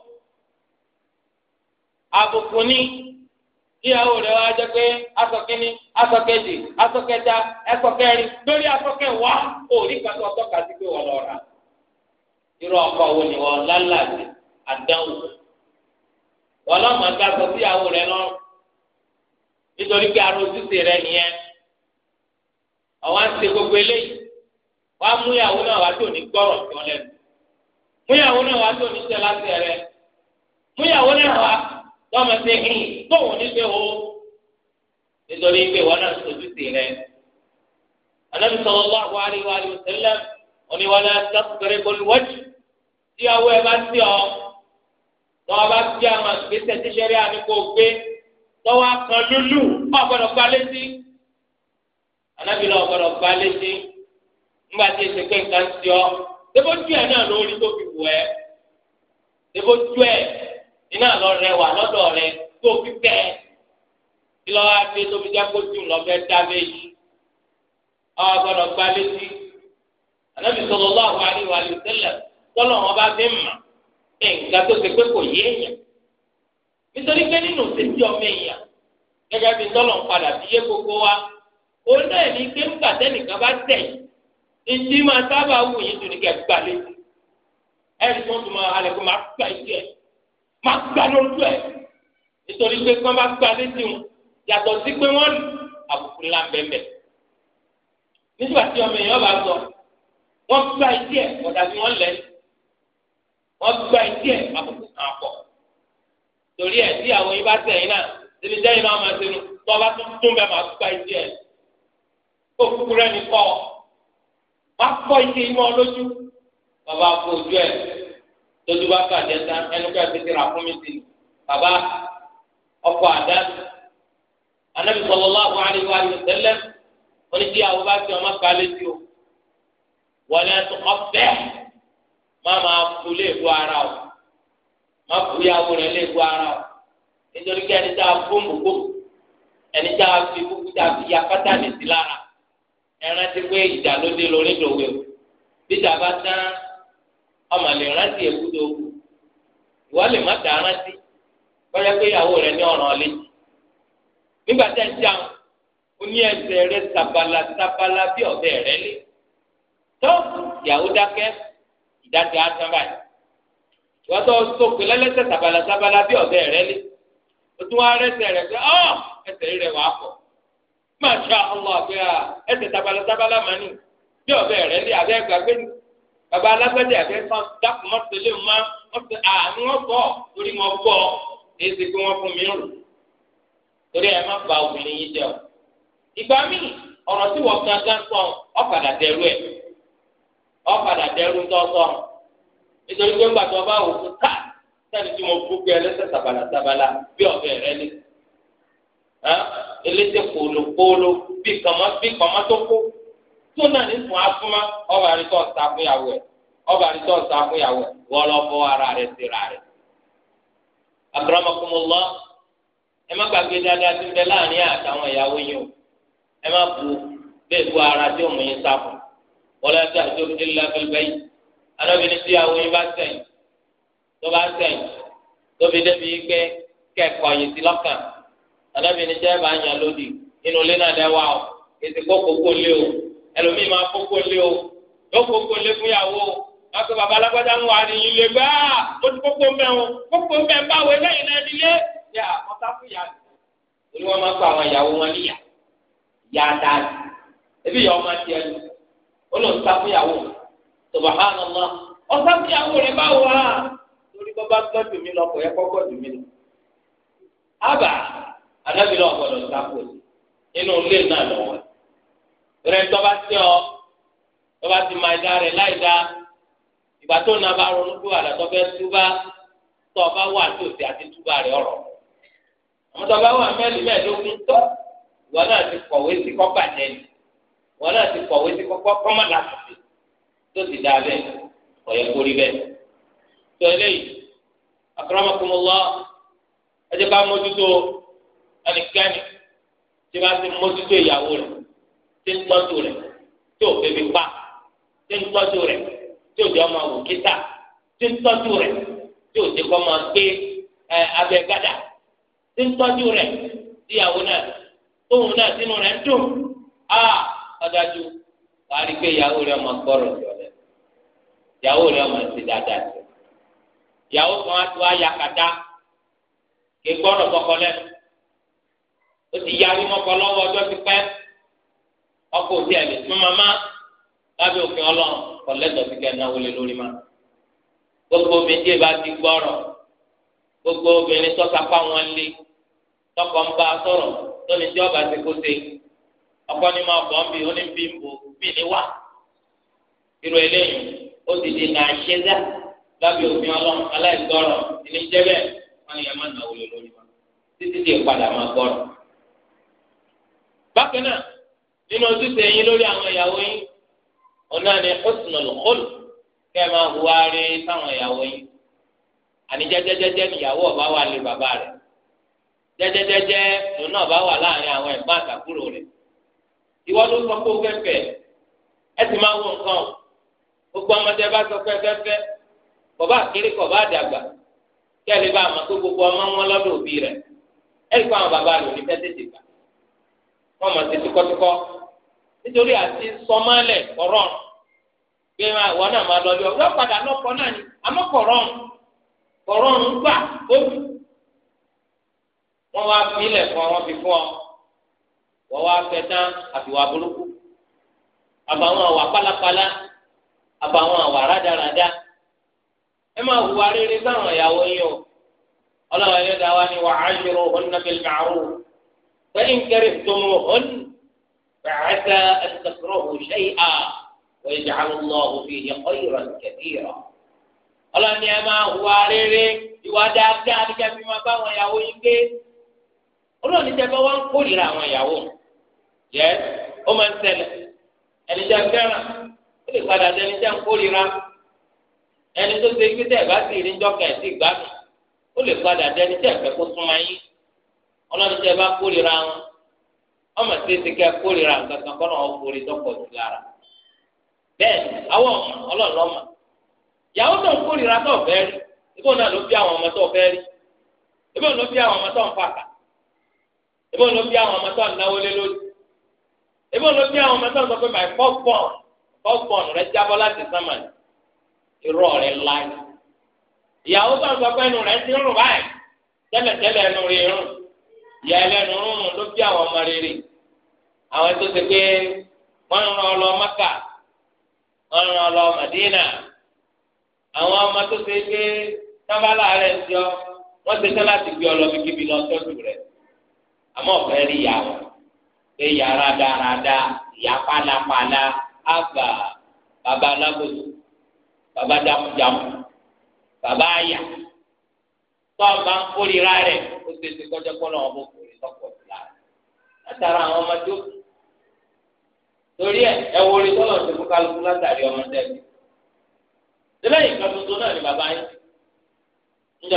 àbùkù ní ìyàwó rẹ̀ wá jẹ́ pé aṣọ kínní aṣọ kejì lórí aṣọ kan tó sí pé ọkọ wo ni wọ́n lálàdì àdánwò wọ́n lọ́mọ ẹgbẹ́ sí ìyàwó nítorí pé arọ nìyẹn gbogbo eléyìí mú ìyàwó náà wá tó ní gbọ́rọ̀ tó náà wá tó ní lọ́mọ ṣe hìn tóun níṣẹ́ o nítorí pé wọn náà sojú sí rẹ. Ànábì sallallahu alaihi wa sallam oníwàlá sàkúrẹ́ olùwọ́jù tí awọ ẹ bá sí ọ tọ́wọ́ bá sí àwọn ìgbésẹ̀ tí sẹ́rí àníkó gbé tọ́wọ́ kan lúlù ọ̀gbọ́dọ̀ gba létí. Ànábì náà ọ̀gbọ́dọ̀ gba létí ńgbà tí èsì pé nǹkan sí ọ débójú ẹ̀ náà lórí tó fi wù ẹ́ débójú ẹ̀. iná lọ rẹwà lọ́dọ̀ rẹ tó pípẹ́ kí lọ́wọ́ adé tóbi jẹ́ kó jù lọ fẹ́ dá gba létí anábì wọn bá fi mà nǹkan tó pé kò yé èèyàn nítorí pé nínú ọmọ èèyàn bí padà bí yé gbogbo wa náà ní pé ń nìkan bá ìdí máa sábà wù ní gbà létí tó ń má gbá lójú ẹ̀ nítorí pé kí wọ́n bá gbá létí wọn yàtọ̀ sí pé wọ́n àbùkù ńlá bẹ́ẹ̀ nígbà tí ọmọ èèyàn bá sọ wọ́n gbá etí ẹ̀ ọ̀dà tí wọ́n lẹ̀ wọ́n gbá etí ẹ̀ àbùkù kan pọ̀ torí ẹ̀ tí àwọn yìí bá sẹ̀yìn náà síbi sẹ́yìn náà máa sẹ́nu tó bá tún tún bẹ́ẹ̀ máa gbá etí ẹ̀ kó kúkúrẹ́ ní kọ́ wọ́n á kọ́ etí ìmọ̀ lójú bàbá kò ojú ẹ̀. tójú bá jẹta tán ẹnu ká rà fún mi sí i bàbá ọkọ̀ àdá anabi sallallahu alaihi wa sallam oníṣìyàwó bá ti ọmọ kan létí o wọlé ẹtù ọbẹ má máa kú ara o má kú yàwó rẹ léèkú ara o nítorí kí ẹni tá a fún ẹni tá a fi kúkú tá a fi ya pátá lè lára pé lórí o bí bá tán. ọmọ lè rántí ewu kù ìwọ lè má dá rántí bọ́yá pé ìyàwó rẹ ní ọ̀ràn létí nígbà tẹ́ ń ní ẹsẹ̀ rẹ sabala sabala bí ọ̀bẹ rẹ lé tó ìyàwó dákẹ́ ìdájọ́ àtàn báyìí ìwọ tó lẹ́lẹ́sẹ̀ sabala sabala bí ọ̀bẹ rẹ lé o tún wá wà á pọ̀ ẹsẹ̀ sabala sabala bí ọ̀bẹ rẹ lé abẹ́ gbàgbé bàbá alágbẹ̀dẹ àbẹ fún dàpọ̀ mọ́tẹ́lẹ̀ mọ́ mọ́tẹ́ àánú wọn bọ̀ torí wọn bọ̀ èsì pé wọ́n fún mi rò torí ẹ má ba obìnrin yìí jẹ o ìgbà míì ọ̀rọ̀ tí wọ́n gángan sọ ọ̀padà dẹrú ẹ̀ ọ̀padà dẹrú tọ́tọ́ nítorí pé ńgbà tó bá wò fún ká sẹ́ni tí mo bú pé ẹlẹ́sẹ̀ sàbàlà sàbàlà bí ọ̀bẹ rẹ ni ẹlẹ́sẹ̀ kòlòkòlò bí kàmá bí kàmá tó kó. tó náà ní sùn asúnmọ́ ọba àrítọ́ ọ̀sá fún ìyàwó ẹ̀ ọba àrítọ́ ọ̀sá fún ìyàwó ẹ̀ wọ́n lọ fọ́ ara rẹ̀ sí ra rẹ̀. akramakumullah ẹ má gbàgbé dáadáa tí ń bẹ láàrin àtàwọn ìyàwó yìí o ẹ má bu bu ara tí òun yín sá fún wọlé tí ìyàwó yín bá tó bá tó fi débi pé yìí bá yàn lódì inú ẹlòmíì máa kókó lé o yóò kókó lé fún yàwó wọn sọ bàbá alágbádá ń wà ní ilé gbá ó ti kókó mẹ́wọ̀n kókó mẹ́wọ̀n báwo eléyìí náà nílé yà wọ́n sá fún yàrá ni wọ́n máa kó àwọn ìyàwó wọn níyà yà dáadáa ebi yà ọmọ tiẹ̀ lò ó lọ sá fún yàwó subahánàlá ọ̀sá fún yàwó rẹ̀ báwo wá lórí bọ́ bá gbọ́dọ̀ mi lọ kọ̀ yẹ kọ́ gbọ́dọ̀ mi lọ. ábà anábìlẹ̀ ọ̀gbọ̀dọ̀ sá fún nínú ilé náà lọ́wọ́ rẹ tọ́ba sí ọ tọ́ba ti máa da rẹ láì da ìgbà tó nà bá ronú pé wàdà tọ́ fẹ́ túbá tọ́ ọba wà tó ti àti túbá rẹ ọ̀rọ̀ àwọn tọ́ba wà mẹ́rin mẹ́ẹ̀ẹ́dógún tọ́ ìwọ náà ti kọ̀wé sí kọ́kà jẹ́ni ìwọ náà ti kọ̀wé sí kọ́kọ́ kọ́mọ̀lá tòsí tó ti da bẹ́ẹ̀ ọ̀yẹ́ kórì bẹ́ẹ̀ tó eléyìí akramakumullah ẹ jẹ́ ká mójútó ẹnikẹ́ni tí wọ́n ti mójútó ìyàwó rẹ̀ tí ń tọ́jú rẹ̀ tí ò bẹ̀bí pa tí ń tọ́jú rẹ̀ tí ò jẹ́ ọmọ wò kíta tí ń tọ́jú rẹ̀ tí ò jẹ́ kọ́ máa gbé abẹ́ gàdà tí ń tọ́jú rẹ̀ tíyàwó náà tóun náà sínú rẹ̀ ń dùn á ọ̀dájú wàá rí pé ìyàwó rẹ̀ máa gbọ́rọ̀ jọ̀lẹ̀ ìyàwó rẹ̀ máa ti dáadáa sí ìyàwó kan á tó àyà kàdá kí gbọ́rọ̀ kọ́kọ́ lẹ́nu ó ti yarí mọ́kọ lọ́wọ́ ọjọ́ ti pẹ́ ọkọ òtí ẹ̀ lè fún mamá lábẹ́ òfin ọlọ́run kọ̀lẹ́tọ̀ sí kẹ́ẹ̀ náwó lé lórí ma. gbogbo obìnrin tí eba ti gbọ́rọ̀ gbogbo obìnrin tọ́ka fáwọn lé tọkọ ń bá a sọ̀rọ̀ tóní tí ọba ti kó se ọkọ ni máa bọ̀ ń bì ó ní bí ń bò bí ní wá. irú eléyìí ó ti di nà ṣe dá lábẹ́ òfin ọlọ́run aláìgbọ́rọ̀ ìní jẹ́bẹ̀ wọ́n ní ẹ má náwó lé lórí ma nínú ojúṣe yín lórí àwọn ìyàwó yín ọ̀nà ni husnul khuluq kẹ́ ẹ máa hùwà rí sáwọn ìyàwó yín àní jẹ́jẹ́jẹ́jẹ́ níyàwó ọba wà lé bàbá rẹ̀ jẹ́jẹ́jẹ́jẹ́ lòun náà bá wà láàrin àwọn ẹ̀gbọ́n àtàkùrò rẹ̀ ìwọ ló sọ pé ó fẹ́fẹ́ ẹ sì máa wo nǹkan gbogbo ọmọdé bá sọ pé fẹ́fẹ́ kọ̀bá àkéré kọ̀bá àdàgbà kí bá àmọ́ pé gbogbo ọmọ wọn lọ́dọ̀ òbí rẹ̀ ẹ àwọn bàbá rẹ̀ òní fẹ́ tètè gbà wọ́n mọ̀ sí tíkọ́tíkọ́ nítorí àti sọmọlẹ ọ̀rọ̀ pé wọn náà máa lọ bí ọ wọn padà lọkọ náà ni àmọ́ kọrọrùn kọrọrùn gbà wọn wá filẹ̀ fún wọn fi fún ọ wọn wá fẹ́ tán àfiwá burúkú àbàwọn àwà pálapàla àbàwọn àwà rádaràda ẹ máa hùwà rere sáwọn ìyàwó yín o ni فعسى أن تكرهوا شيئا ويجعل الله فيه خيرا كثيرا ọlọ́ni ẹ máa hùwà rere ìwà dáadáa ní kẹfì máa bá àwọn ìyàwó yín gbé olóòní tẹ bá wọn ń kórìíra àwọn ìyàwó yẹ ó máa ń ṣẹlẹ̀ ẹni tẹ fẹ́ràn ó lè padà dẹni tẹ ọmọ tètè kẹ kórìíra nǹkan kọ́ náà forí tọ́pọ̀ sí lára bẹ́ẹ̀ àwọn ọmọ ọlọ́run tó ń kórìíra tó fẹ́ rí ibò náà ló bí àwọn ọmọ tó fẹ́ rí ibò ló bí àwọn ọmọ tó ń fàkà ibò ló bí àwọn ọmọ tó ń náwó lé lórí ibò ló bí àwọn ọmọ tó ń sọ pé my first born rẹ jábọ́ láti sánmà tó ń sọ pé rẹ ti báyìí ìyá ẹlẹ́nu rúnrún ló bí àwọn ọmọ rere àwọn tó ṣe pé wọ́n rán ọ lọ Mẹ́kà wọ́n rán ọ lọ Màdínà àwọn ọmọ tó ṣe pé sábàlá rẹ̀ ń jọ wọ́n ṣe tán láti gbé lọ rí wọn pé tọ́ọ̀bà ń kórìíra rẹ̀ ó ṣe ṣe kọjá pọ́nà ọmọ òkùnrin lọ́pọ̀ ìlà rẹ̀ látara àwọn ọmọdé torí ẹ ẹ wo tọ́lọ̀ ṣe fún kálukú látàrí ọmọdé tuntun náà ni bàbá yín fi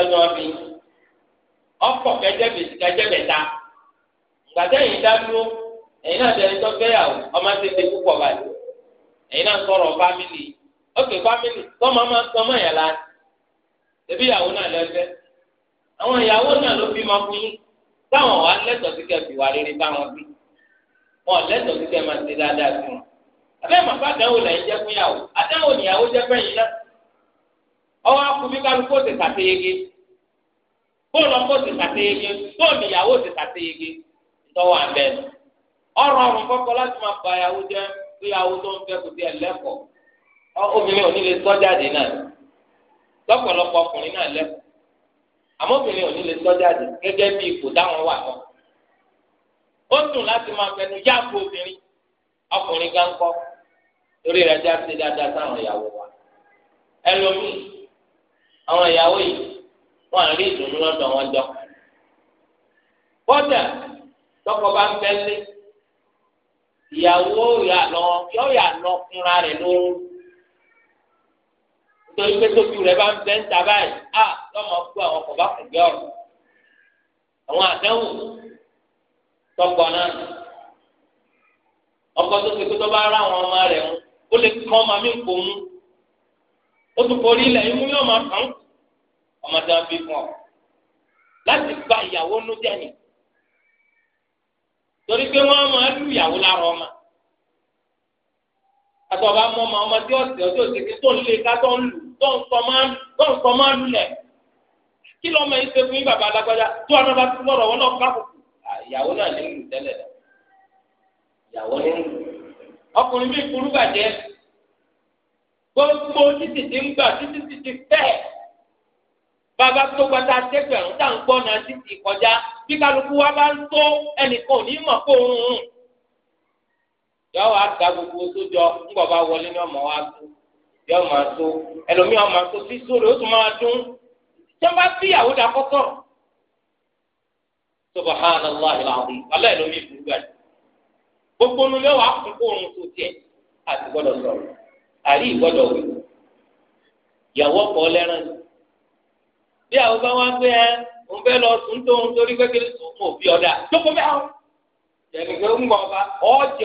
yìí ọmọ àwọn ìyàwó náà ló bímọ fún yín táwọn wà lẹ́tọ̀ọ́ sí kẹ́ fi wà rere báwọn bí wọn lẹ́tọ̀ọ́ sí kẹ́ máa ṣe dáadáa sí wọn. abẹ́ màá bá àdánwò lẹ́yìn jẹ́ fún yàwó àdánwò nìyàwó jẹ́ fẹ́ yín náà ọwọ́ akú bí kálukú ó ti sàtẹ́yẹgẹ bóòlù ọkọ ti sàtẹ́yẹgẹ bóòlù ìyàwó ti sàtẹ́yẹgẹ ìtọ́wọ́ àbẹ́ ọ̀rọ̀ ọ̀rùn kọ́kọ́ láti máa fa ìyàwó jẹ́ ìyàwó tó ń fẹ́ kò tiẹ̀ lẹ́kọ̀ọ́ obìnrin ò ní lè sọ́jáde náà lọ́pọ̀lọpọ̀ ọkùnrin náà lẹ́kọ̀ọ́ àmọ́ obìnrin ò ní lè sọ jáde gẹ́gẹ́ bí ipò táwọn wà lọ. ó dùn láti máa fẹnu yáàbò obìnrin ọkùnrin gan torí rẹ̀ já sí dáadáa sáwọn ìyàwó wa. ẹlòmíì àwọn ìyàwó yìí à rí ìdùnnú lọ́dọ̀ wọn jọ. bọ́dà tọkọ bá ń torí pé tóbi rẹ bá ń bẹ ń ta báyìí a lọ́mọ kú àwọn kò bá kùn gbé ọ̀rọ̀ àwọn àdéhùn tọkọ náà ọkọ tó ti kó tó bá rà àwọn ọmọ rẹ̀ ń ó lè kọ́ ọmọ mi kò mú ó tún forí ilẹ̀ imú yóò máa kàn ọmọ tí wọn fi fún ọ láti gba ìyàwó nú jẹ́ni torí pé wọ́n máa lù ìyàwó lára ọmọ àtọ̀bá mọ́ ọmọ ọmọ tí ọ̀sẹ̀ ọjọ́ òsèké tó ń lé ká tó ń lù tó ń sọ máa lulẹ̀ kí lọ́ mọ ìṣe fún yín bàbá alágbádá tó àná bá tún lọ́rọ̀ wọn náà bá kù. ìyàwó náà ní lù tẹ́lẹ̀ náà ìyàwó ní lù. ọkùnrin bíi kúrú bàjẹ́ gbogbo títì ti ń gbà títì ti ti fẹ́ bàbá tó gbàtà tẹ́gbẹ̀rún tá à ń gbọ́ náà títì kọjá bí kálukú wa bá ń tó ẹnìkan ò ní mọ̀ kó òun yọ wá ga gbogbo sójọ ńgbọ̀ bá wọlé ní ọmọ wa tó yọ máa so ẹlòmíì ọmọ àti òsì sórí ó tún máa dún jọba sí ìyàwó dà ọlọ subhanallahi alazim ọlọ ẹlòmíì burúkú àti gbogbo nulẹ wà fún kóòrùn tó tiẹ̀ àti gbọ́dọ̀ sọ̀rọ̀ àrí ìgbọ́dọ̀ ìyàwó ọkọ lẹran bí àwọn bá wá ẹ lọ sùn tó ń torí pé kiri sùn fi ọdà jókòó ń ọba òun sí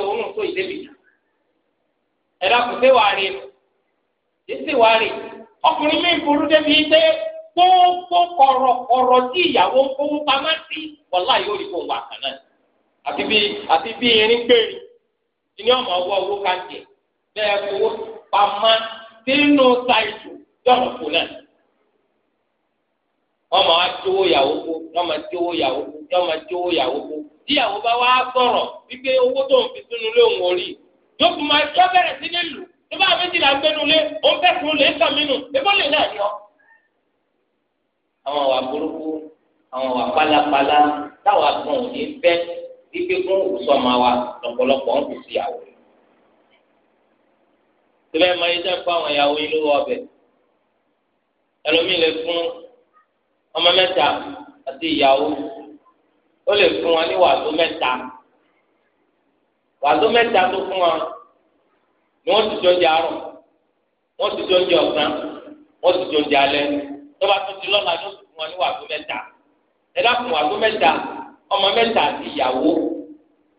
wàá ìsìwárì ọkùnrin mi burú débi pé gbogbo ọ̀rọ̀ ọ̀rọ̀ tí ìyàwó ń kówó pamọ́ sí wọ́lá yóò rí fóun wà kàn náà àti bí àti bí irin gbèrè ọmọ owó káńtì bẹ́ẹ̀ kówó pamọ́ sínú ṣáìtù yọ̀rọ̀ fún náà wọ́n máa jówó ìyàwó kú wọ́n jówó jówó tí ìyàwó owó tó ń fi sínú orí yóò fún ma o ìbá méjìlá gbẹnulé òun fẹsùn lè sàmínú ìbá lè náà yọ. àwọn wà burúkú àwọn wà pálapàla táwa kan ò ní fẹ́ ike fún òsọmọ wa lọ́pọ̀lọpọ̀ ń kù sí ìyàwó. síbẹ̀ máa yẹ sẹ́kọ̀ọ́ àwọn ìyàwó yín lówó ọbẹ̀ ẹlòmíì lè fún ọmọ mẹ́ta àti ìyàwó ó lè fún wọn ní wàzó mẹ́ta wàzó mẹ́ta tó fún wọn wọ́n ti jọ ń jẹ àárọ̀ wọ́n ti jọ ń jẹ ọ̀sán wọ́n ti jọ ń jẹ alẹ́ tó bá tún ti lọ́la yóò tún wọn ní wàgbọ́ mẹ́ta ẹ̀dá fún wàgbọ́ mẹ́ta ọmọ mẹ́ta àti ìyàwó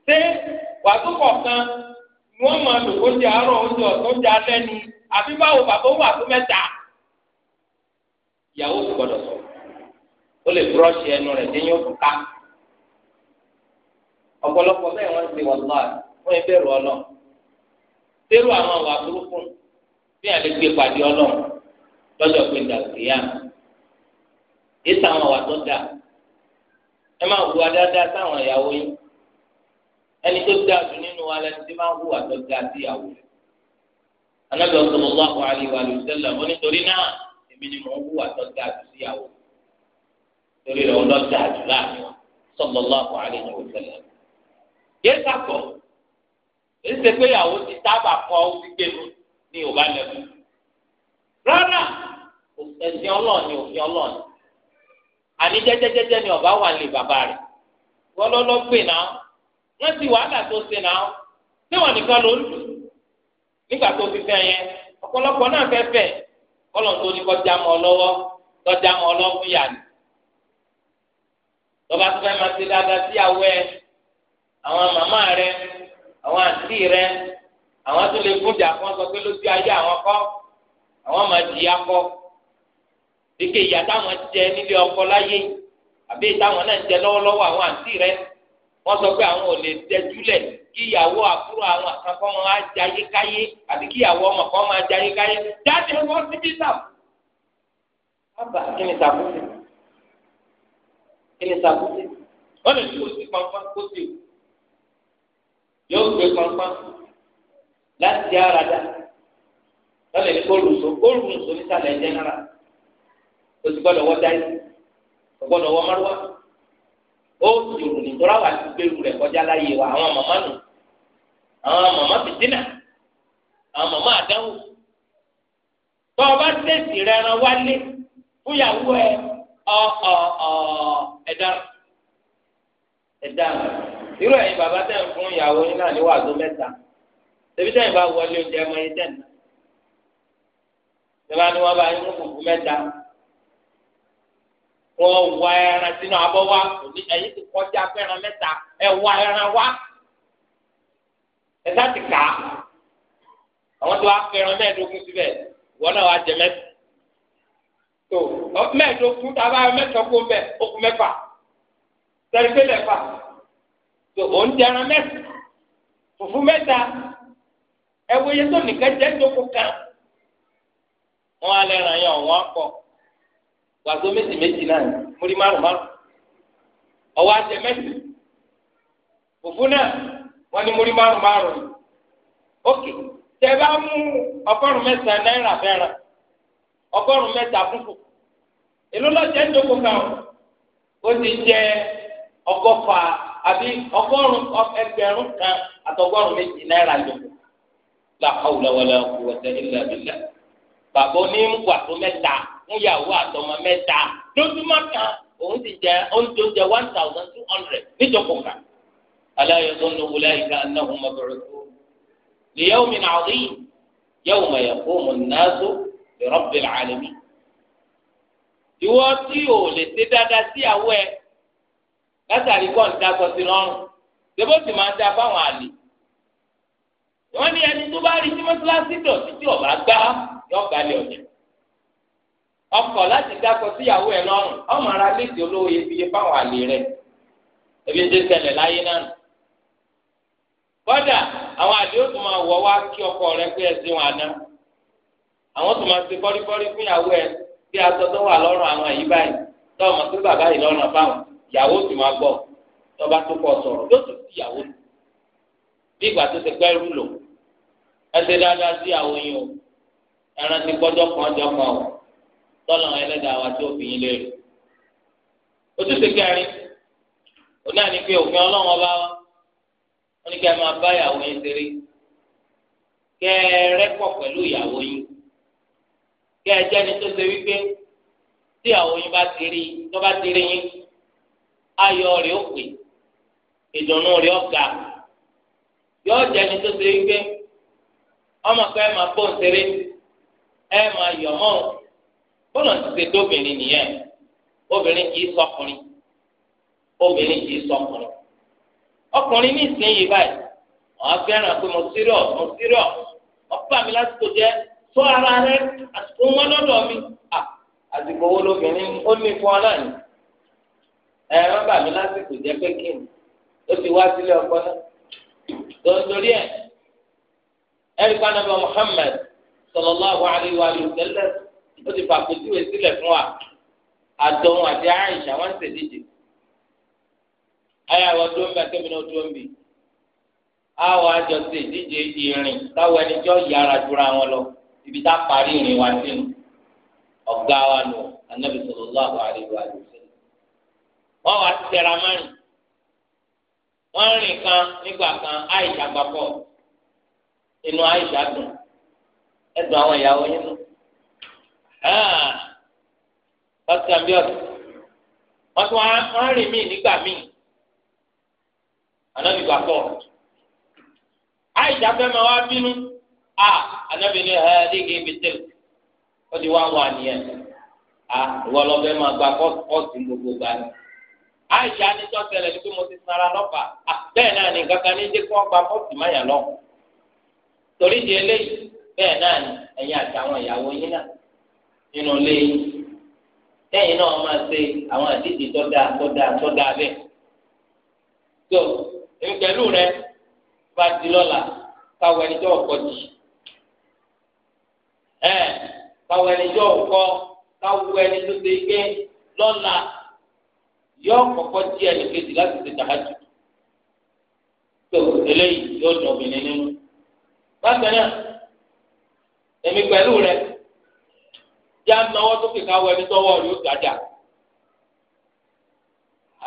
ṣé wàgbọ́ kọ̀ọ̀kan ni wọ́n máa lò oúnjẹ àárọ̀ oúnjẹ ọ̀sán oúnjẹ alẹ́ ni àbí báwo bàbá ó wàgbọ́ mẹ́ta ìyàwó ti gbọdọ̀ sọ ó lè búrọ́ọ̀ṣì ẹnu rẹ̀ dé yóò ọ̀pọ̀lọpọ̀ bẹ́ẹ̀ wọ́n ti wọ̀ sẹ́rù àwọn ọ̀wà burúkú bí a lè gbé pàdé ọlọ́run lọ́jọ́ pé dàgbéyà ètò àwọn ọ̀wà tó dà ẹ máa hùwà dáadáa sáwọn ìyàwó yín ẹni tó dáa jù nínú wa lẹni tí máa hùwà tó dáa sí ìyàwó rẹ̀ anábì sallallahu alaihi wa sallam onítorí náà èmi ni mò ń hùwà tó dáa sí ìyàwó torí rẹ̀ ọlọ́dà jù láàrin wa sallallahu alaihi wa sallam yéé sàkọ̀ọ́ èsì pé ìyàwó ti tábà kọ ó ti gbẹnu ní yorùbá lẹnu rárá ẹsìn Ọlọ́run ni òfin Ọlọ́run àní jẹjẹjẹjẹ ni ọba wà lè bàbá rẹ wọn lọlọ gbè náà wọn ti wàhálà tó ṣe náà tí wọn nìkan ló ń lù nígbà tó fi fẹ́ yẹn ọ̀pọ̀lọpọ̀ náà fẹ́ fẹ́ kọlọ tó ní kọjá mọ lọ́wọ́ kọjá mọ lọ́wọ́ yà ni tọba tó fẹ́ máa ṣe dáadáa sí àwẹ àwọn màmá rẹ àwọn àǹtí rẹ àwọn tó lè gúnjà kó wọn sọ pé lójú ayé àwọn kọ àwọn máa jìyà kọ ike ìyá táwọn jẹ nílé ọkọ láyé àbí táwọn náà jẹ lọ́wọ́lọ́wọ́ àwọn àǹtí rẹ wọn sọ pé àwọn ò lè dẹjúlẹ̀ kí ìyàwó àbúrò àwọn àkànkọ́ wọn á jayé káyé àbí kí ìyàwó ọmọ kan máa jayé káyé jáde wọn síbí sàm. bàbá kí ni sàkóso kí ni sàkóso wọn lè kó sí pàmpá kó sí o yóò gbé pọnpọn láti ara dá lọ́lẹ̀ ní kóòlù nso kóòlù nso nísàlẹ̀ jẹ́nẹ́ra o ti gbọ́dọ̀ wọ́ dáyé o gbọ́dọ̀ wọ́ márùwá ó yòrò nítorá wà ti gbèrú rẹ̀ kọjá láyé wa àwọn màmá nù àwọn màmá fìtínà àwọn màmá àdánwò tó o bá tẹ̀sí rẹ̀ ran wálé fúyàwó ẹ ọ ọ ọ ẹ̀dá irú ẹ̀yin bàbá tẹ̀ ń fún ìyàwó yín náà ní wàásù mẹ́ta tẹ̀bí tẹ̀yìn bá wọlé oúnjẹ ẹmọ yín tẹ̀ ní. tẹ̀bá ni wọ́n bá yín mú fùfú mẹ́ta wọ́n wá ẹran sínú abọ́ wa òní ẹ̀yin ti kọjá fẹ́ràn mẹ́ta ẹ̀ wá ẹran wá ẹ̀ta ti kà á àwọn tó wá fẹ́ràn mẹ́ẹ̀ẹ́dógún síbẹ̀ wọ́n náà wá jẹ mẹ́ta tó mẹ́ẹ̀ẹ́dógún tá a bá mẹ́tọ́ kó bẹ́ẹ̀ ó kú mẹ́fà tẹ̀lifílẹ̀ fà. tó o ń jẹran fufu mẹta mẹ́ta ẹwòye tó nìkan jẹ ìjókòó kan wọn alẹ́ ràn yàn wọn kọ wàzó méjì méjì náà múri márùn márùn ọwọ́ àti mẹ́sì náà wọ́n ní múri márùn márùn ókè bá mú ọgọ́rùn náírà fúnfún kan ti jẹ àbí ọgọ́rùn ẹgbẹ̀rún kan àtọgọ́rùn méjì náírà yòókù la hawla wala quwwata illa billah bàbá onímùkù àtọ mẹ́ta ńyàwó àtọmọ mẹ́ta lójúmọ́ kan òun ti jẹ oúnjẹ oúnjẹ one thousand two hundred níjọpọ kan ala yazunnu ulaika annahum mab'uthun li yawmin 'adhim yawma yaqumu an-nasu li rabbil 'alamin ìwọ tí o lè ṣe dáadáa sí àwọ ẹ látàrí kọ́ ń dasọ sí lọ́rùn ṣébó sì máa ń da fáwọn àlè wọ́n ní ẹni tó bá rí tí mọ́tíláṣí dọ̀tí tí ọ̀bá gbá yọ gbalẹ̀ ọ̀jà ọkọ̀ láti dasọ síyàwó ẹ̀ lọ́rùn ọmọ olówó iyebíye fáwọn àlè rẹ̀ láyé náà kọ́dà àwọn àlè ó tún máa wá kí ọkọ ìyàwó sì máa gbọ́ tọba tó kọ sọ̀rọ̀ yóò sì sí ìyàwó bí ìgbà tó ti pẹ́ rú lò ẹsẹ̀ dáadáa sí ìyàwó yín o ẹran ti gbọ́jọ́ kan ọjọ́ kan o tọ́lọ̀ ẹlẹ́dàá wa tó fi o léèrè ojúṣe kẹrin òun náà ní pé òfin ọlọ́run ọba wa wọn ní kí ẹ máa bá ìyàwó yín ṣeré kẹ ẹ rẹ́pọ̀ pẹ̀lú ìyàwó yín kẹ ẹ jẹ́ni tó ṣe wípé tí ìyàwó yín bá ti rí tó bá ti rí yín. ayọ rẹ̀ ó pè ìdùnnú rẹ̀ ọ̀gá tó ṣe gbé ọmọ kan ẹ máa bó ń ẹ máa ọ ti ṣe tóbìnrin nìyẹn obìnrin kì í sọkùnrin obìnrin kì í sọkùnrin ọkùnrin ní ìsinyìí báyìí wọn pé mo mo mi lásìkò sọ ara rẹ àsìkò wọn mi àsìkò lóbìnrin ó ní fún ọ ẹ mba mi, mí lásìkò jẹ pé kí ni ó ti wá sílé ọkọ náà tó ń torí ẹ ẹrí panabọ Muhammad sallallahu alaihi wa sallam ó ti fàkójúwe fún wa àtọhún àti Àìṣà wọn ṣèdíje ayáwó tó ń bẹ kí mi náà tó ń bì àwọn àjọ ṣèdíje ìrìn táwọn jura wọn lọ ibi tá a parí ìrìn wa sínú ọgá wa nù anabi sallallahu wọ́n wá ti tẹ̀ra márùn wọ́n rìn kan nígbà kan àìsà gbapọ̀ inú àìsà dùn àwọn ìyàwó yín nù ah! ọ̀sán ọtụtụ tún wọ́n rìn nígbà ànábì àìsà máa wá bínú ah! ànábì ní ibi ó wá wà nìyẹn ah! gbogbo gbà àìsí anijọ́ tẹlẹ̀ ní pé mo ti sanra lọ́fà ah, bẹ́ẹ̀ náà ní kankan ní dé kí gba fọ́ọ̀tì máyà lọ. torí di eléyìí bẹ́ẹ̀ náà ẹ̀yin àti ìyàwó yín náà nínú ilé yín. lẹ́yìn náà máa ṣe àwọn àdídì tó dáa tó dáa tó dáa bẹ́ẹ̀. tó rẹ bá ọkọ jì. ẹ káwọ ẹni tó ọkọ káwọ ẹni tó ṣe gbé yọ kọ́kọ́ di ẹnì kejì láti ṣe tàhájú tó eléyìí yóò dùn obìnrin nínú bákan náà èmi pẹ̀lú rẹ rẹ ó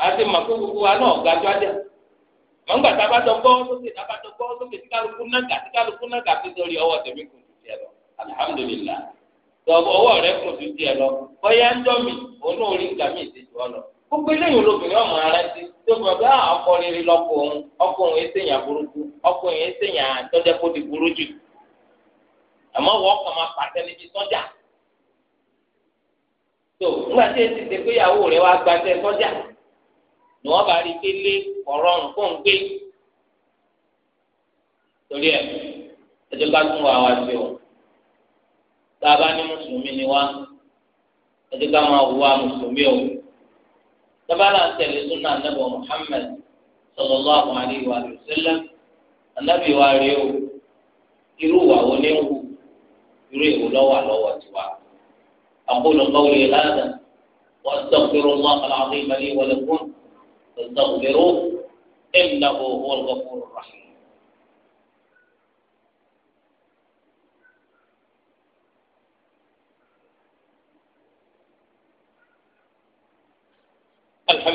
àti gbogbo wa náà mọ̀ bá gbọ́ sókè gbọ́ sókè tí kálukú náà gà tí kálukú náà gà fi ọwọ́ kù sí lọ alihamudulilayi tọ́ ọwọ́ rẹ kù sí lọ ń gbogbo eléyìí olóbìnrin ọmọ ara ti tó gbọ́dọ̀ bí ah, ọkọ rere lọkọ òun ọkọ òun ẹsẹyìn burúkú ọkọ òun ẹsẹyìn àtọjẹ kó ti burú jù àmọ́ wọ ọkọ máa pàṣẹ níbi tó nígbà tí èsì rẹ wá gbàṣẹ ni wọn bá rí i ọrọrùn kó ń gbé torí ẹ ká tún wá sí o tá a bá ní tabala tẹ̀lé sunna anabi muhammed sallallahu alayhi wa sallam anabi wa rí o irú wa wo ni wù irú èwo lọ́wọ́ àlọ́wọ́ tiwa أقول قولي هذا وأستغفر الله العظيم لي ولكم فاستغفروه إنه هو الغفور الرحيم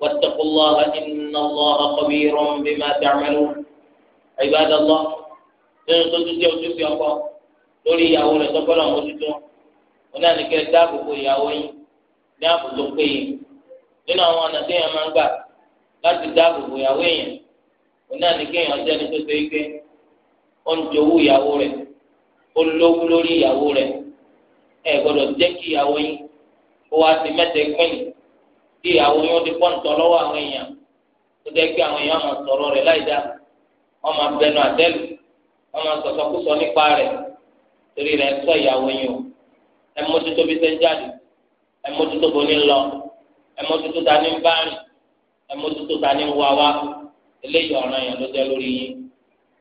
واتقوا الله إن الله خبير بما تعملون عباد الله nínú tó tún jẹ́ ojúṣe ọkọ lórí ìyàwó rẹ̀ tọ́gbọ́dọ̀ mójútó wọn náà ní kẹ́ ẹ dáàbòbò ìyàwó yín ní ààbò tó péye nínú àwọn ọ̀nà tí èèyàn máa ń gbà láti dáàbòbò ìyàwó èèyàn wọn náà ní kéèyàn jẹ́ ní tó ṣe é pé ó ń jowú ìyàwó rẹ̀ ó lówó lórí ìyàwó rẹ̀ ẹ gbọ́dọ̀ jẹ́ kí ìyàwó yín kó wá sí mẹ́tẹ̀ẹ́pẹ́yìn kí ìyàwó yóò di pọ́ǹtọ̀ lọ́wọ́ àwọn èèyàn tó jẹ́ pé àwọn èèyàn máa sọ̀rọ̀ rẹ̀ láì dáa wọ́n máa bẹnu àtẹ́lù wọ́n máa sọ̀sọ́kúsọ nípa rẹ̀ torí rẹ̀ sọ ìyàwó yín o ẹ mójútó bí sẹ́ ń jáde ẹ mójútó bó ní lọ ẹ mójútó ta ní ń bá rìn ẹ mójútó ta ní ń wá wá eléyìí ọ̀ràn yẹn ló jẹ́ lórí yín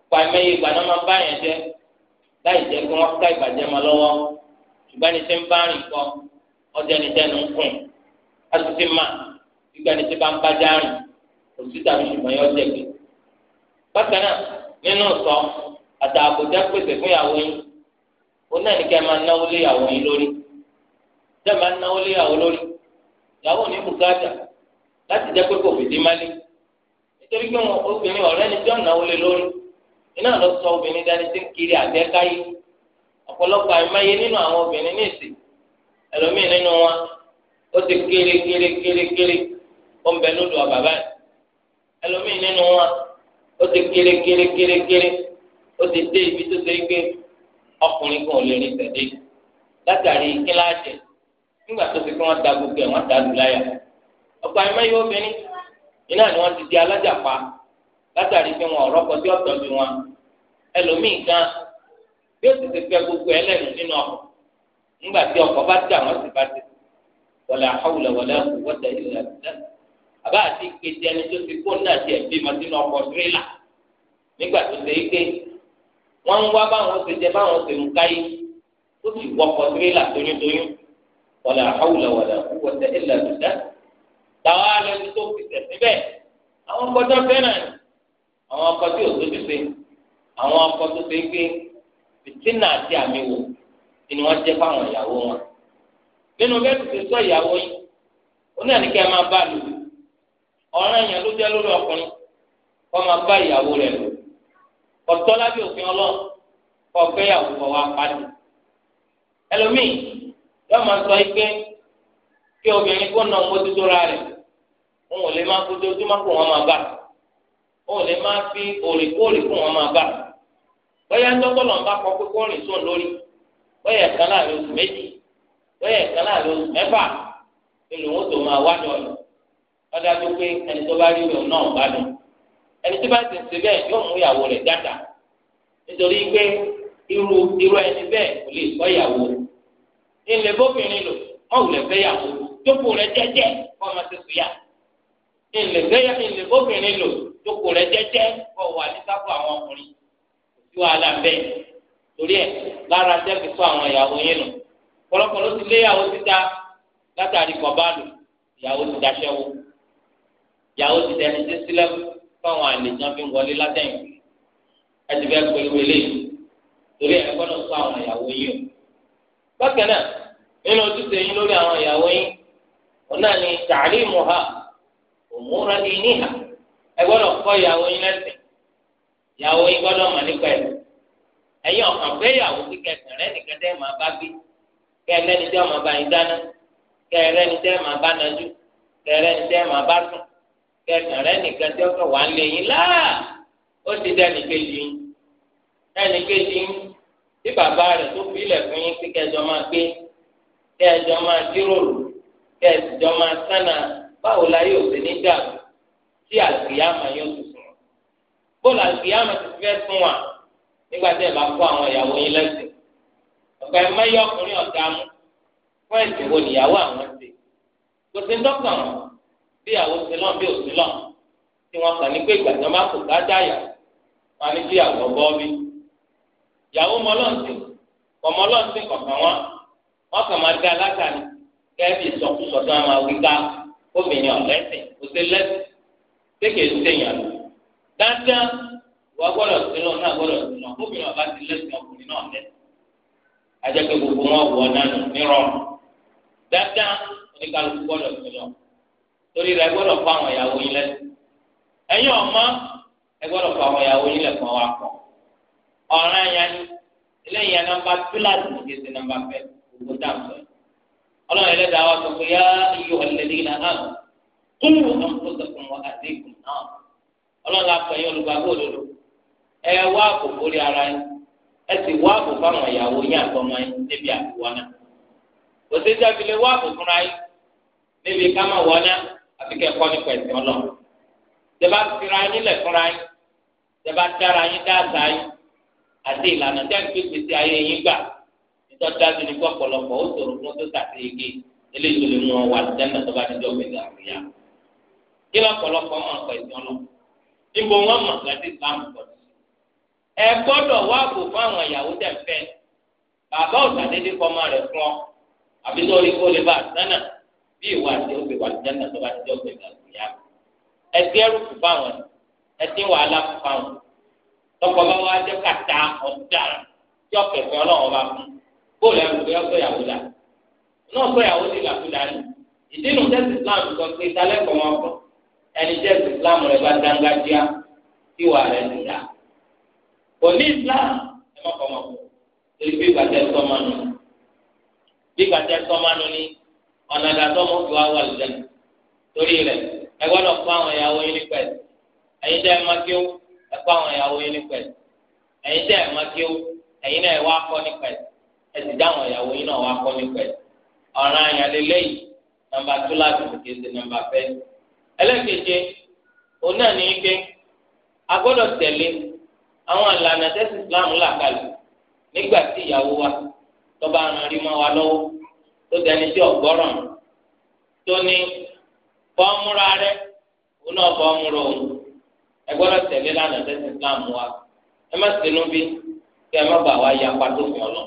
pa ẹ̀mẹ́yìí ìgbà náà máa bá yẹn jẹ́ láì jẹ́ kí wọ́n ká ìbàjẹ́ máa lọ́wọ́ ṣùgbọ́n ẹni tí ń bá rìn kọ́ ọjọ́ asisi ma ìgbà ní ti bá ba bá dárìn òsì tàbí ṣùgbọ́n yọ jẹ gbé. nínú sọ àtààbò jẹ pèsè fún ìyàwó yín náà ní kí ẹ máa náwó lé yín lórí máa náwó lé lórí ní láti jẹ pé kò nítorí obìnrin ni tí náwó lé lórí iná lọ sọ obìnrin dání tí ń kiri nínú àwọn obìnrin ní ó ti kiri kiri kiri, kéré ó ń bẹ lódò bàbá yìí ẹlòmíì nínú wa ó ti kéré kéré kéré kéré ó ti dé ibi tó ṣe é gbé ọkùnrin kan ò lè rìn tẹ̀lé látàrí kíláàsì nígbà tó ti kí wọ́n da gbogbo ẹ̀ wọ́n da lù láyà ọ̀pọ̀ àyè mẹ́yìn obìnrin iná ni wọ́n ti di alájàpá látàrí pé wọn ọ̀rọ̀ kọjú ọ̀tọ̀ bí wọn ẹlòmíì gan bí ó ti ti fẹ́ gbogbo ẹlẹ́rìí nínú ọkọ̀ nígbà tí ọkọ̀ bá dà wọ́n sì bá ti wala hawla wala quwwata illa billah àbá àti ìpèsè ẹni tó fi kó náà tiẹ̀ bí ma sínú ọkọ̀ tirẹ́là nígbà tó ṣe é pé wọ́n ń wá báwọn ṣe jẹ báwọn ṣe ń káyé ó sì wọkọ̀ tirẹ́là tóyúntóyún wala hawla wala quwwata illa billah táwa lẹni tó fi tẹ̀sí bẹ́ẹ̀ àwọn ọkọ̀ tó fẹ́ràn ni àwọn ọkọ̀ tí ò tóbi pé àwọn ọkọ̀ tó ṣe é pé fìtínà àti àmì wò ni wọ́n jẹ́ fáwọn ìyàwó wọn nínú bẹ́ẹ̀ ti sọ ìyàwó yìí oní àníkẹ́ máa bá lò ọ̀ràn yẹn ló jẹ́ lórí ọkùnrin kọ́ máa bá ìyàwó rẹ̀ lò ọ̀tọ́ lábẹ́ òfin ọlọ́run kọ́ fẹ́yàwó kọ́ wá pàdé ẹlòmíì yóò máa sọ pé kí obìnrin kó nà mójútó ra rẹ̀ òun ò lè máa kó dojúmọ́ kó wọ́n máa bá òun ò lè máa fi òrèkóòrè kó wọ́n máa bá bóyá ń dọ́gbọ́n lọ́nba kọ́ pé kó rìn sóun lórí bóyá ẹ̀ka láàrin oṣù méjì bẹ́ẹ̀ kan náà lóṣù mẹ́fà nílùú wọn tó máa wá dọ̀ ọ́ ọ̀dájú pé ẹni tó bá rí ìwé náà gbádùn ẹni tó bá ti ṣe bẹ́ẹ̀ yóò mú ìyàwó rẹ̀ dáadáa nítorí pé irú irú ẹni bẹ́ẹ̀ kò lè kọ́ ìyàwó ilé bóbìnrin lò mọ̀wùlẹ̀ fẹ́ yàwó jókòó rẹ̀ jẹ́jẹ́ kọ́ ọmọ ti sùn yà ilé fẹ́yà ilé bóbìnrin lò jókòó rẹ̀ jẹ́jẹ́ kọ́ wà ní sáfù àwọn ọkùnrin kò sí torí ẹ̀ lára jẹ́ fi tó àwọn ìyàwó yín nù pọ̀lọpọ̀ ti lé ìyàwó síta látàrí kọ̀bálù yàwó ti daṣẹ́wó yàwó ti dẹni tí sílẹ̀ fáwọn àlejàn fi wọlé látẹ̀yìn ẹtì bẹ́ẹ̀ pẹ̀lú eléyìí torí ẹ̀ gbọ́dọ̀ sọ àwọn ìyàwó o. bákan náà nínú ojúṣe yín lórí àwọn ìyàwó yín náà ẹ ìyàwó yín ìyàwó yín nípa ìyàwó nìkan máa kẹrẹ ni tẹ́ máa bá yín dáná kẹrẹ ni tẹ́ máa bá nájú kẹrẹ ni tẹ́ máa bá sùn kẹsàn rẹ nìkan tí ó kẹ wà ń lé yín láà ó ti dẹ ẹnìkejì yín ẹnìkejì yín tí bàbá rẹ tó fi ilẹ̀ fún yín pé kẹjọ máa gbé kẹjọ máa jíròrò kẹjọ máa sánà báwo la yóò ṣe ní dàgbà tí àgbéyàmà yóò tún sùn bóòlù àgbéyàmà ti fẹ́ sún wa nígbà tí ẹ bá kó àwọn ìyàwó yín lẹ́sìn ọ̀gá ẹ̀ mẹ́yọ ọkùnrin ọ̀gá mu fún ẹ̀sìn wo nìyàwó àwọn ṣe kò sí dọ́kítà wọn bí ìyàwó ṣe lọ́n bí òṣì lọ́n tí wọ́n kàn ní pé ìgbà tí wọ́n bá kò dájà yà wọn ní bí ìyàwó bọ́ bí ìyàwó mọ́lọ́ǹsìn kọ̀mọ́lọ́ǹsìn kọ̀ọ̀kan wọn wọn kàn máa dá látàrí kẹ́ẹ̀bì ìsọkúsọ tí wọ́n máa wí ká obìnrin ọ̀lẹ́sìn kò sí lẹ́sìn kéèké ń sèyàn lò dáadáa wọ́n gbọ́dọ̀ sí lọ́n náà gbọ́dọ̀ sí ajẹ́pẹ́ gbogbo wọn wọ̀ nánu nírọ̀rùn dáadáa oníkàlùkù gbọ́dọ̀ sí lọ torí rẹ gbọ́dọ̀ fọ àwọn ìyàwó yín lẹ́sìn ẹ̀yin ọ̀mọ́ ẹ gbọ́dọ̀ fọ àwọn ìyàwó yín lẹ́sìn wa pọ̀ ọ̀ràn yẹn eléyìí yẹn nàmbà kíláàsì ní kẹsì nàmbà fẹ́ gbogbo dáàbò ẹ̀ ọlọ́run ẹlẹ́dàá wa sọ pé yá iyọ̀ ẹlẹ́dẹ́ iná hàn kún wọn kó sọ̀kún wọn àti ìkùn náà ọlọ́run la pẹ̀yìn olùgbàgbọ́ òdodo ẹ wá àbòkórí ara yín ẹ sì wá àbò fáwọn ìyàwó yín àtọmọ yín níbi àtiwọ́ náà kò sí jábìlẹ̀ wá àbò fúnra yín níbi ká máa wọ́ náà àfi kẹ́kọ́ nípa ẹ̀sìn ọlọ́run tẹ́bá fira yín lẹ̀ fúnra yín tẹ́bá dára yín dáàtà yín àti ìlànà tẹ́ ń fi gbèsè ayé yín gbà nítorí dájú ní pọ̀pọ̀lọpọ̀ ó sòrò fún tó sàtìyege eléyìí tó lè mú ọ wà lẹ́nà tó bá ti dọ̀ gbẹ̀dẹ̀ àríyá kí lọ́pọ̀lọpọ̀ mọ̀ ọ̀pọ̀ ẹ̀sìn ọlọ́run níbo wọn mọ̀ gàdí ìsìlámù pọ̀ sí ẹ gbọ́dọ̀ wá àbò fún àwọn ìyàwó tẹ̀ fẹ́ bàbá òsàdédé kọ́ ọmọ rẹ̀ fún ọ àbí lórí kó lè bá a sánà bí ìwà àti òbí wà ní jẹ́nà tó bá ti jẹ́ òbí ìgbà tó yá ẹ dín ẹrù fún fáwọn ẹ dín wàhálà fún fáwọn tọkọ bá wá jẹ́ kàtà ọ̀daràn tí ọ̀kẹ̀kẹ̀ ọlọ́run bá fún bóòlù ẹrù pé ọ̀sọ̀ ìyàwó la náà sọ ìyàwó ti là fún dání ìdí nu Islam sọ pé ìtàlẹ́kọ̀ọ́ wọn fún ẹni tẹ́sí Islam rẹ bá dáńgájíá tí wàá rẹ nìyà kò ní islam ẹ má fọmọ kù torí pé gbàtẹ sọmọ nù bí gbàtẹ sọmọ nù ni ọ̀nà àdàtọ́ mọ̀ fi wá wà lẹ́nu torí rẹ̀ ẹ gbọ́dọ̀ fún àwọn ìyàwó yín nípa ẹ̀ ẹ̀yin tẹ́ ẹ má kí ó ẹ fún àwọn ìyàwó yín nípa ẹ̀ ẹ̀yin tẹ́ ẹ má kí ó ẹ̀yin náà ẹ wá kọ́ nípa ẹ̀ ẹ sì dá àwọn ìyàwó yín náà wá kọ́ nípa ẹ̀ ọ̀ràn àyàlélẹ́ nàmbà tó láti kìí òun náà ní í pé a tẹ̀lé àwọn ìlànà tẹ́sí islam là kalẹ̀ nígbà tí ìyàwó wa tó bá ràn rí mọ́ wa lọ́wọ́ tó dẹni tí ọ̀gbọ́ràn tó ní fọ́ọ̀mùra rẹ òun náà fọ́ọ̀mùra òun ẹ gbọ́dọ̀ tẹ̀lé lànà tẹ́sí islam wa ẹ má sínú bí kí ẹ má bà wá ya pàtó fún ọ lọ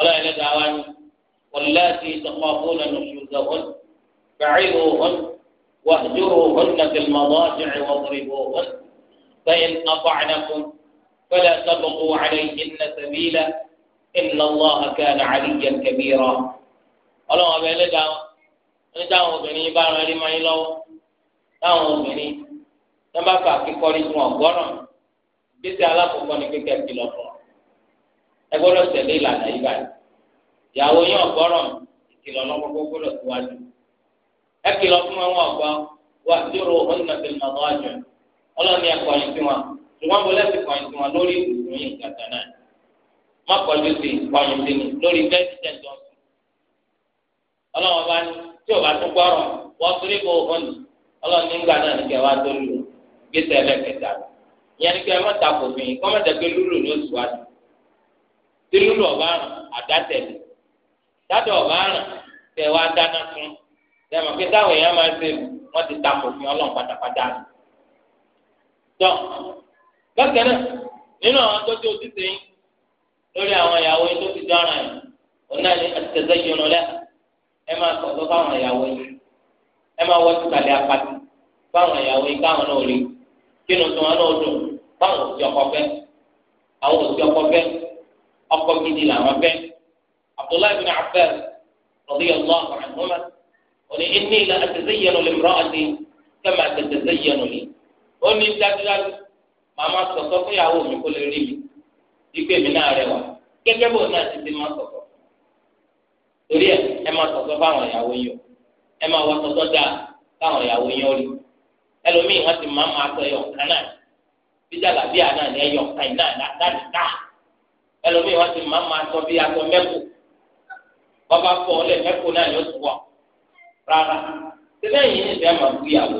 ọlọ́run ẹlẹ́dàá wa ni wọláàtì tọkọ̀ọ́fóònù nùsùlùmọ́ bàáyìí òun wàhùjúrò òun nàkẹ́lmọ́mọ́ jẹ̀rẹ̀ wọ́n فلا تبقوا عليهن سبيلا إن الله كان عليا كبيرا ọlọ́run ọbẹ̀ ẹlẹ́dà oníta àwọn obìnrin bá ara rí máa ń lọ́wọ́ táwọn obìnrin tó bá fà kíkọ́rí fún gbèsè lọ fún ọ ẹ gbọ́dọ̀ tẹ̀lé ìlànà yìí báyìí ìyàwó yín ìkìlọ̀ lọ́kọ́kọ́ gbọ́dọ̀ tó wájú ẹ kìlọ̀ fún ọ̀nà tẹ̀lé màmá wájú ọlọ́run ẹ̀kọ́ ṣùgbọ́n mo lẹ́sìn kọ̀yìn sí wọn lórí ìbùsùn yìí gàdá náà má kọjú sí kọ̀yìn sí mi lórí president johnson ọlọ́wọ́n bá ní tí o bá tún gbọ́rọ̀ wọ́n torí kò hàn ní ọlọ́run nígbà náà ní kẹwàá tó lù gbèsè ẹlẹ́kẹta ìyẹn ní kẹwàá mọ́ta kò fi yín kọ́mọ́tà pé lúlù ní oṣù wájú tí lúlù ọ̀bá rùn àdátẹ̀lẹ̀ dádọ̀ ọ̀bá rùn kẹwàá dáná fún tẹ̀mọ̀ pé táwọn èèyàn máa ń ṣe wọ́n ti ta kò fi ọlọ́run pátápátá tán bákan náà nínú àwọn tọ́jú òtítì yín lórí àwọn ìyàwó yín tó ti dára yìí òun náà ní àtẹ̀tẹ̀ yìí rán lẹ́ ẹ máa sọ̀tọ̀ fáwọn ìyàwó yín ẹ máa wọ́n ti kàlẹ́ apáti fáwọn ìyàwó yín káwọn náà rí kínú tí wọn náà dùn fáwọn òsì ọkọ fẹ́ àwọn òsì ọkọ fẹ́ ọkọ gidi làwọn fẹ́ Abdullahi bin Abbas radiyallahu anhuma òní inni la àtẹ̀tẹ̀ yìí rán mìíràn àti kẹ́mi àtẹ̀tẹ̀ yìí rán màmá sọ̀tọ̀ fún ìyàwó mi kó lè rí mi ìgbé mi náà rẹwà gẹ́gẹ́ bó náà ti ti máa sọ̀tọ̀ torí ẹ ẹ máa sọ̀tọ̀ fáwọn ìyàwó yín o ẹ máa wọ sọ̀tọ̀ dáa fáwọn ìyàwó yín o rí ẹlòmíì wọn ti máa máa sọ ẹyọ kan náà bíjà làbí àná ni ẹyọ kan náà láti ká ẹlòmíì wọn ti máa máa sọ bí aṣọ mẹ́kù bàbá fọ ọ lẹ mẹ́kù náà yóò tù wọ rárá sílẹ̀ yìí ni ìfẹ́ máa gbé ìyàwó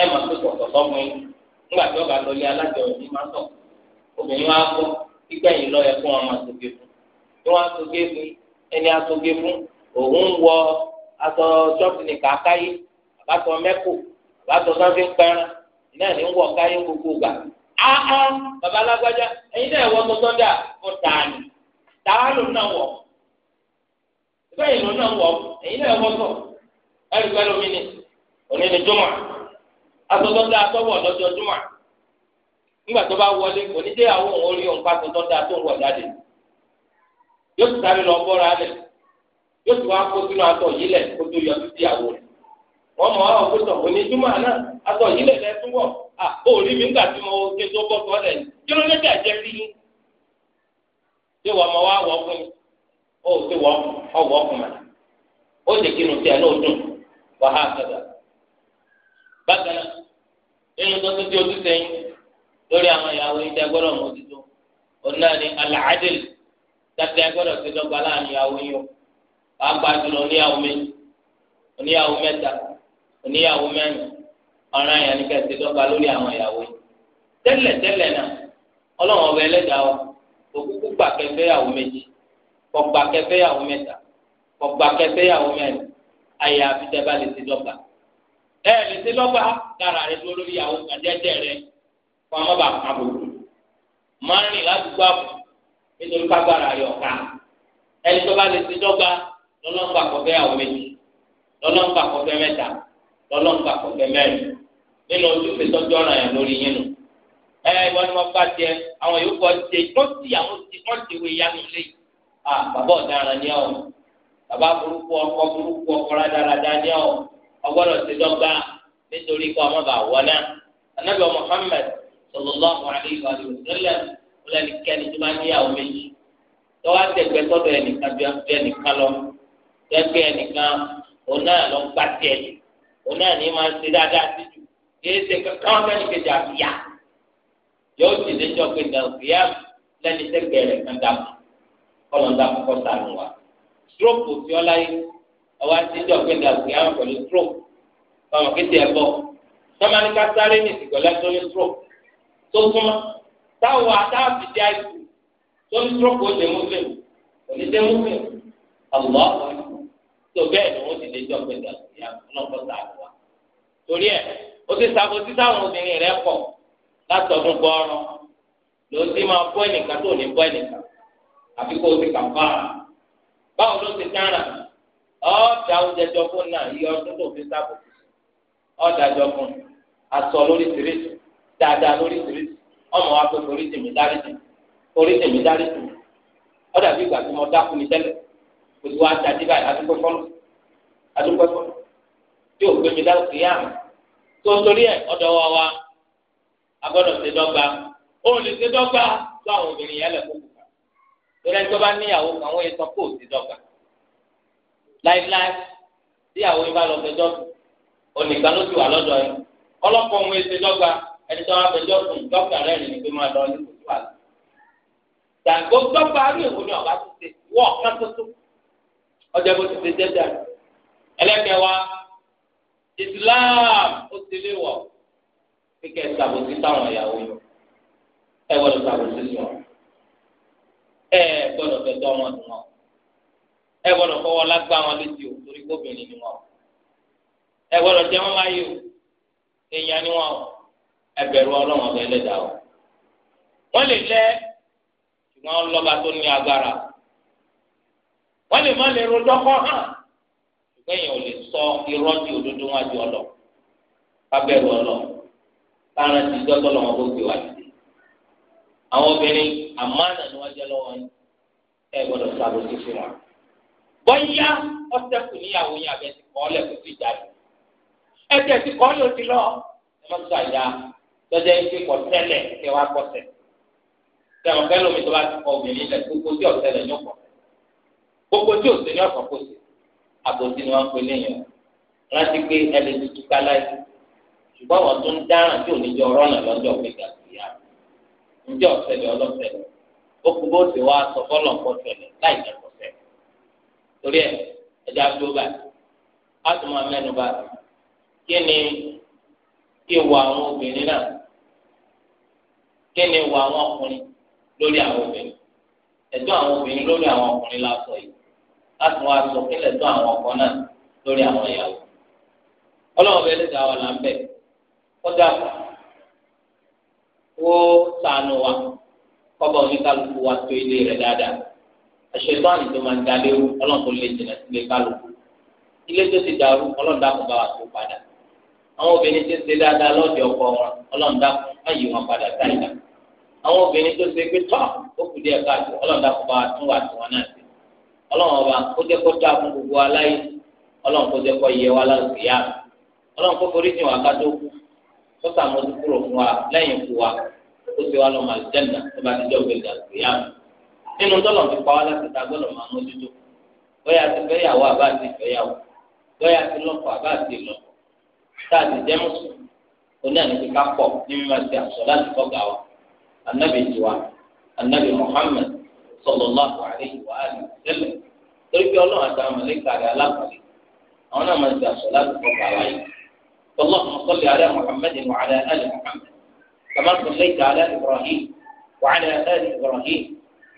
ẹ máa tó sọ̀tọ̀ sọ́kùnrin nígbà tí ọba lọlé alájọ ní má sọ obìnrin wa kọ gbígbẹ̀yìn lọ yẹ fún ọmọ àtòkè fún ní wọn àtòkè fún ẹni àtòkè fún òun wọ aṣọ ṣọ́ọ̀bù ní kàkáyé àbátọ mẹ́kò àbátọ pẹ́rán iná ní wọ káyé gbogbo gbà bàbá alágbájá náà wọ tó fún tààlù náà náà náà wọ sọ pẹ́lú mi asọtọ da atọwọ lọ́jọ́ juma ńgbà tó bá wọlé kò ní dé àwọn òun orí òǹkà tó tọ́ da tó ń wọ̀ jáde yóò ti sáré lọ bọ́ra lẹ̀ yóò ti wá kó sínú atọ yìí lẹ̀ kó tó yọ títí àwọ̀ rẹ̀ wọ́n mọ̀ atọ yìí lẹ̀ wọ̀ à mi tí mo ké tó bọ́ sọ́ lẹ̀ bákan náà nínú tó tún di ojúṣe yín lórí àwọn ìyàwó yín tẹ́ gbọ́dọ̀ mójútó òun náà ni alàádìl tẹ́ gbọ́dọ̀ ti dọ́gba láàrin ìyàwó yín o pàápàá jùlọ oníyàwó méjì oníyàwó mẹ́ta oníyàwó mẹ́rin ọ̀ràn yẹn ni kẹ́ ti dọ́gba lórí àwọn ìyàwó yín tẹ́lẹ̀ tẹ́lẹ̀ náà ọlọ́run ọba ẹlẹ́dàá wa òkúkú gbà kẹfẹ́ yàwó méjì kọgbà kẹfẹ́ yàwó mẹ́ta kọgbà kẹfẹ́ yàwó mẹ́rin àyà àfitẹ́bá lè ti dọ́gba ẹ lè ṣe lọ́gbà dára rẹ dúró lórí àwọn àjẹjẹ rẹ fún amọ́bà àbòkù máa ń rìn ládùúgbò àbò nítorí kágbára rẹ ọ̀ka ẹni tó bá lè ṣe dọ́gba lọ́lọ́ǹgbà kọfẹ́ àwọn méjì lọ́lọ́ǹgbà kọfẹ́ mẹ́ta mẹ́rin nínú ojú fi tọ́jú ọ̀ràn lórí yín nù ẹ ìwọ ni wọn bá tiẹ àwọn yòókù ọtí tó ti àwọn ti ti wé ọgbọ́dọ̀ ti dọ́gba nítorí kọ́ ọmọ bá wọná anabi muhammed sallallahu alayhi wa sallam wọlé nìkẹ́ni tó bá níyàwó méjì tọ́wọ́ àtẹ̀gbẹ́ sọ́dọ̀ ẹnìkan bí ẹnìkan lọ tẹ́gbẹ́ ẹnìkan òun náà lọ gbà tiẹ̀ òun náà ní máa ń ṣe dáadáa sí jù kìí ṣe kankan lẹ́nu kejì àfíà yóò ti lè jọ pé nàìjíríà lẹ́ni tẹ́gbẹ́ rẹ̀ kan dàpọ̀ kọ́lọ̀ dàpọ̀ sànù wa. stroke tí ọ láyé ọwọ́ àti ìjọ gbẹ̀ngà gbé àwọn pẹ̀lú stroke ọmọ kéde ẹ̀ bọ̀ sọ́mání ká sáré ní ìsìnkú ẹlẹ́tọ́ní stroke tó súnmọ́ táwọn atáàbì dí àìsù tó ní stroke ó lè mú fèm kò ní dé mú fèm àlọ́ tó bẹ́ẹ̀ ni wọ́n ti lè jọ gbẹ̀ngà gbé àwọn ọlọ́kọ̀ọ́ta àgbà torí ẹ̀ ó ti sàkó sí táwọn obìnrin rẹ̀ pọ̀ látọ̀dún gbọ́ọ̀rọ̀ ló ti máa bọ́ ẹnìkan tó ní bọ́ ẹnìkan àfi o ti kà fáà báwo ló ti dára ọ̀ọ́dà oúnjẹ jọ fún náà iye ọdún tó fi sábò ọ̀ọ́dà jọ fún lórí tìrìtì dáadáa lórí tìrìtì ọmọ wa pé forí tèmi dárí tèmi forí tèmi dárí ọ̀dà bí ìgbà tí mo tẹ́lẹ̀ wa báyìí adúgbò adúgbò tí ò gbé mi dá òkè tó torí ẹ̀ ọ̀dọ̀ wa wa agbọ́dọ̀ ṣe dọ́gba ó lè ṣe dọ́gba tó láíláí tíyàwó yín bá lọ fẹjọ́ sùn onìkan ló ti wà lọ́dọ̀ yín ọlọ́pàá òun èsè dọ́gba ẹni tó wà fẹjọ́ sùn dọ́kítà rẹ̀ ní pé máa lọ nípò tó wà lọ. gbàgbó dọ́gba rí èwo ni ọba ti ṣe wọ́ ọ̀kan tuntun ọjà bó ti ṣe jẹ́jà ẹlẹ́kẹ̀wá Islam ó ti lé wọ̀ kíkẹ́ ìsàbòsí táwọn ìyàwó yọ ẹ gbọ́dọ̀ ìsàbòsí sùn ẹ gbọ́dọ̀ fẹjọ́ ọmọdún náà ẹ gbọ́dọ̀ fọwọ́ lágbá wọn létí o torí kóbìnrin ni wọn o ẹ gbọ́dọ̀ jẹ́ wọn láyé o èèyàn ni wọn o ẹ bẹ̀rù ọlọ́run ọbẹ̀ ẹlẹ́dàá o wọ́n lè lẹ́ ṣùgbọ́n lọ́ba tó ní agbára wọ́n lè má lè rojọ́ kọ́ hàn ṣùgbọ́n èèyàn ò lè sọ irọ́ di òdodo wọn àti ọlọ ká ọlọ kára ti dọ́tọ̀ lọ́wọ́ bó gbé wá sí àwọn obìnrin àmánà ni wọ́n jẹ́ lọ́wọ́ yín ẹ gbọ́dọ̀ sábò sí fún wọn bọ́yá ọ̀sẹ̀kù níyàwó yẹn àbẹ̀ ti kọ́ lẹ́kọ̀ọ́ ti jáde ẹ̀jẹ̀ ti kọ́ ló ti lọ ẹ̀mọ́tò àyà lọ́jọ́ yìí ti kọ́ tẹ́lẹ̀ kí wàá kọ́ tẹ̀ tẹ̀wọ̀n fẹ́ lómi tó bá ti kọ́ obìnrin lẹ̀ gbogbo tí ọ̀sẹ̀ lẹ̀ ní ọ̀pọ̀ gbogbo tí òsè ní ọ̀pọ̀ kò sí àbòsí ni wọ́n pe léyìn rántí pé ẹni ti túká láì ṣùgbọ́n wọn tún torí ẹ ẹja tó bá a tún máa mẹ́nu bá kí ni ìwà àwọn obìnrin náà kí ni ìwà àwọn ọkùnrin lórí àwọn obìnrin ẹ̀tọ́ àwọn obìnrin lórí àwọn ọkùnrin la sọ yìí láti wá sọ kí lẹ̀tọ́ àwọn ọkọ náà lórí àwọn ìyàwó Ọlọ́run bẹ́ẹ̀ lẹsẹ àwọn là kọjá kó sànù wa kọbọ oníkálukú wa tó ilé rẹ̀ dáadáa ẹ̀ṣẹ̀ tó àná tó máa ń da léwu ọlọ́run tó lè jìnà sílé kálukú ilé tó ti dàrú ọlọ́run dákun bá wa tó padà àwọn obìnrin tó ṣe dáadáa lọ́ọ̀dì ọkọ wọn ọlọ́run dákun má yí wọn padà sáyà àwọn obìnrin tó ṣe pé tọ́ ó kù díẹ̀ káàtó ọlọ́run dákun bá wa tún wà tí wọn náà ṣe ọlọ́run ọba ó jẹ́ kó tó àfún gbogbo aláyé ọlọ́run kó jẹ́ kó yẹ wa lálùkù yá ọlọ́run kó forí jìn wá kátó kú kó sàmójú kúrò fún nínú tọ́lọ̀ fi pa wá láti ta gbọ́dọ̀ máa mójútó bóyá ti fẹ́ yàwó àbá ti fẹ́ yàwó bóyá ti lọ́kọ àbá ti lọ́kọ tá a ti jẹ́ mùsùlùmí oní àníbi ká pọ̀ ní mímọ́ ti àṣọ láti fọ́gà wa anabi tiwa anabi Muhammad sallallahu alaihi wa alihi wa sallam torí pé ọlọ́run àti àwọn mọ̀lẹ́kà rẹ̀ alákọ̀ọ́lẹ̀ àwọn náà máa ti àṣọ láti fọ́gà wa yìí اللهم صل على محمد وعلى آل محمد كما صليت على إبراهيم وعلى آل إبراهيم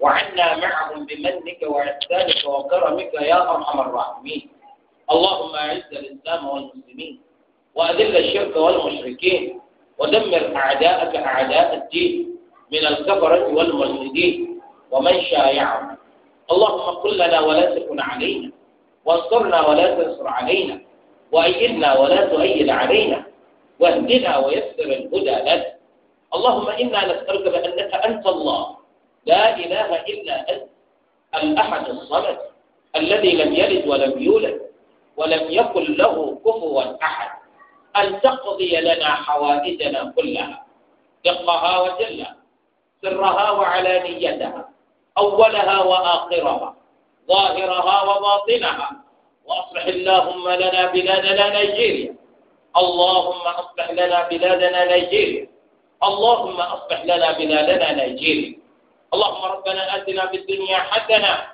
وعنا معهم بمنك وإحسانك وكرمك يا أرحم الراحمين اللهم أعز الإسلام والمسلمين وأذل الشرك والمشركين ودمر أعداءك أعداء الدين من الكفرة والملحدين ومن شايعهم اللهم قل لنا ولا تكن علينا وانصرنا ولا تنصر علينا وأيدنا ولا تؤيد علينا واهدنا ويسر الهدى لنا اللهم إنا نسألك بأنك أنت الله لا إله إلا أنت الأحد الصمد الذي لم يلد ولم يولد ولم يكن له كفوا أحد أن تقضي لنا حوائجنا كلها دقها وجلا سرها وعلانيتها أولها وآخرها ظاهرها وباطنها وأصلح اللهم لنا بلادنا نيجيريا اللهم أصلح لنا بلادنا نيجيريا اللهم أصلح لنا بلادنا نيجيريا اللهم ربنا آتنا في الدنيا حسنة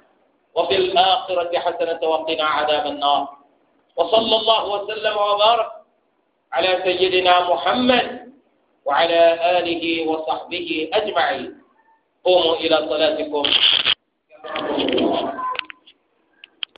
وفي الآخرة حسنة وقنا عذاب النار وصلى الله وسلم وبارك على سيدنا محمد وعلى آله وصحبه أجمعين قوموا إلى صلاتكم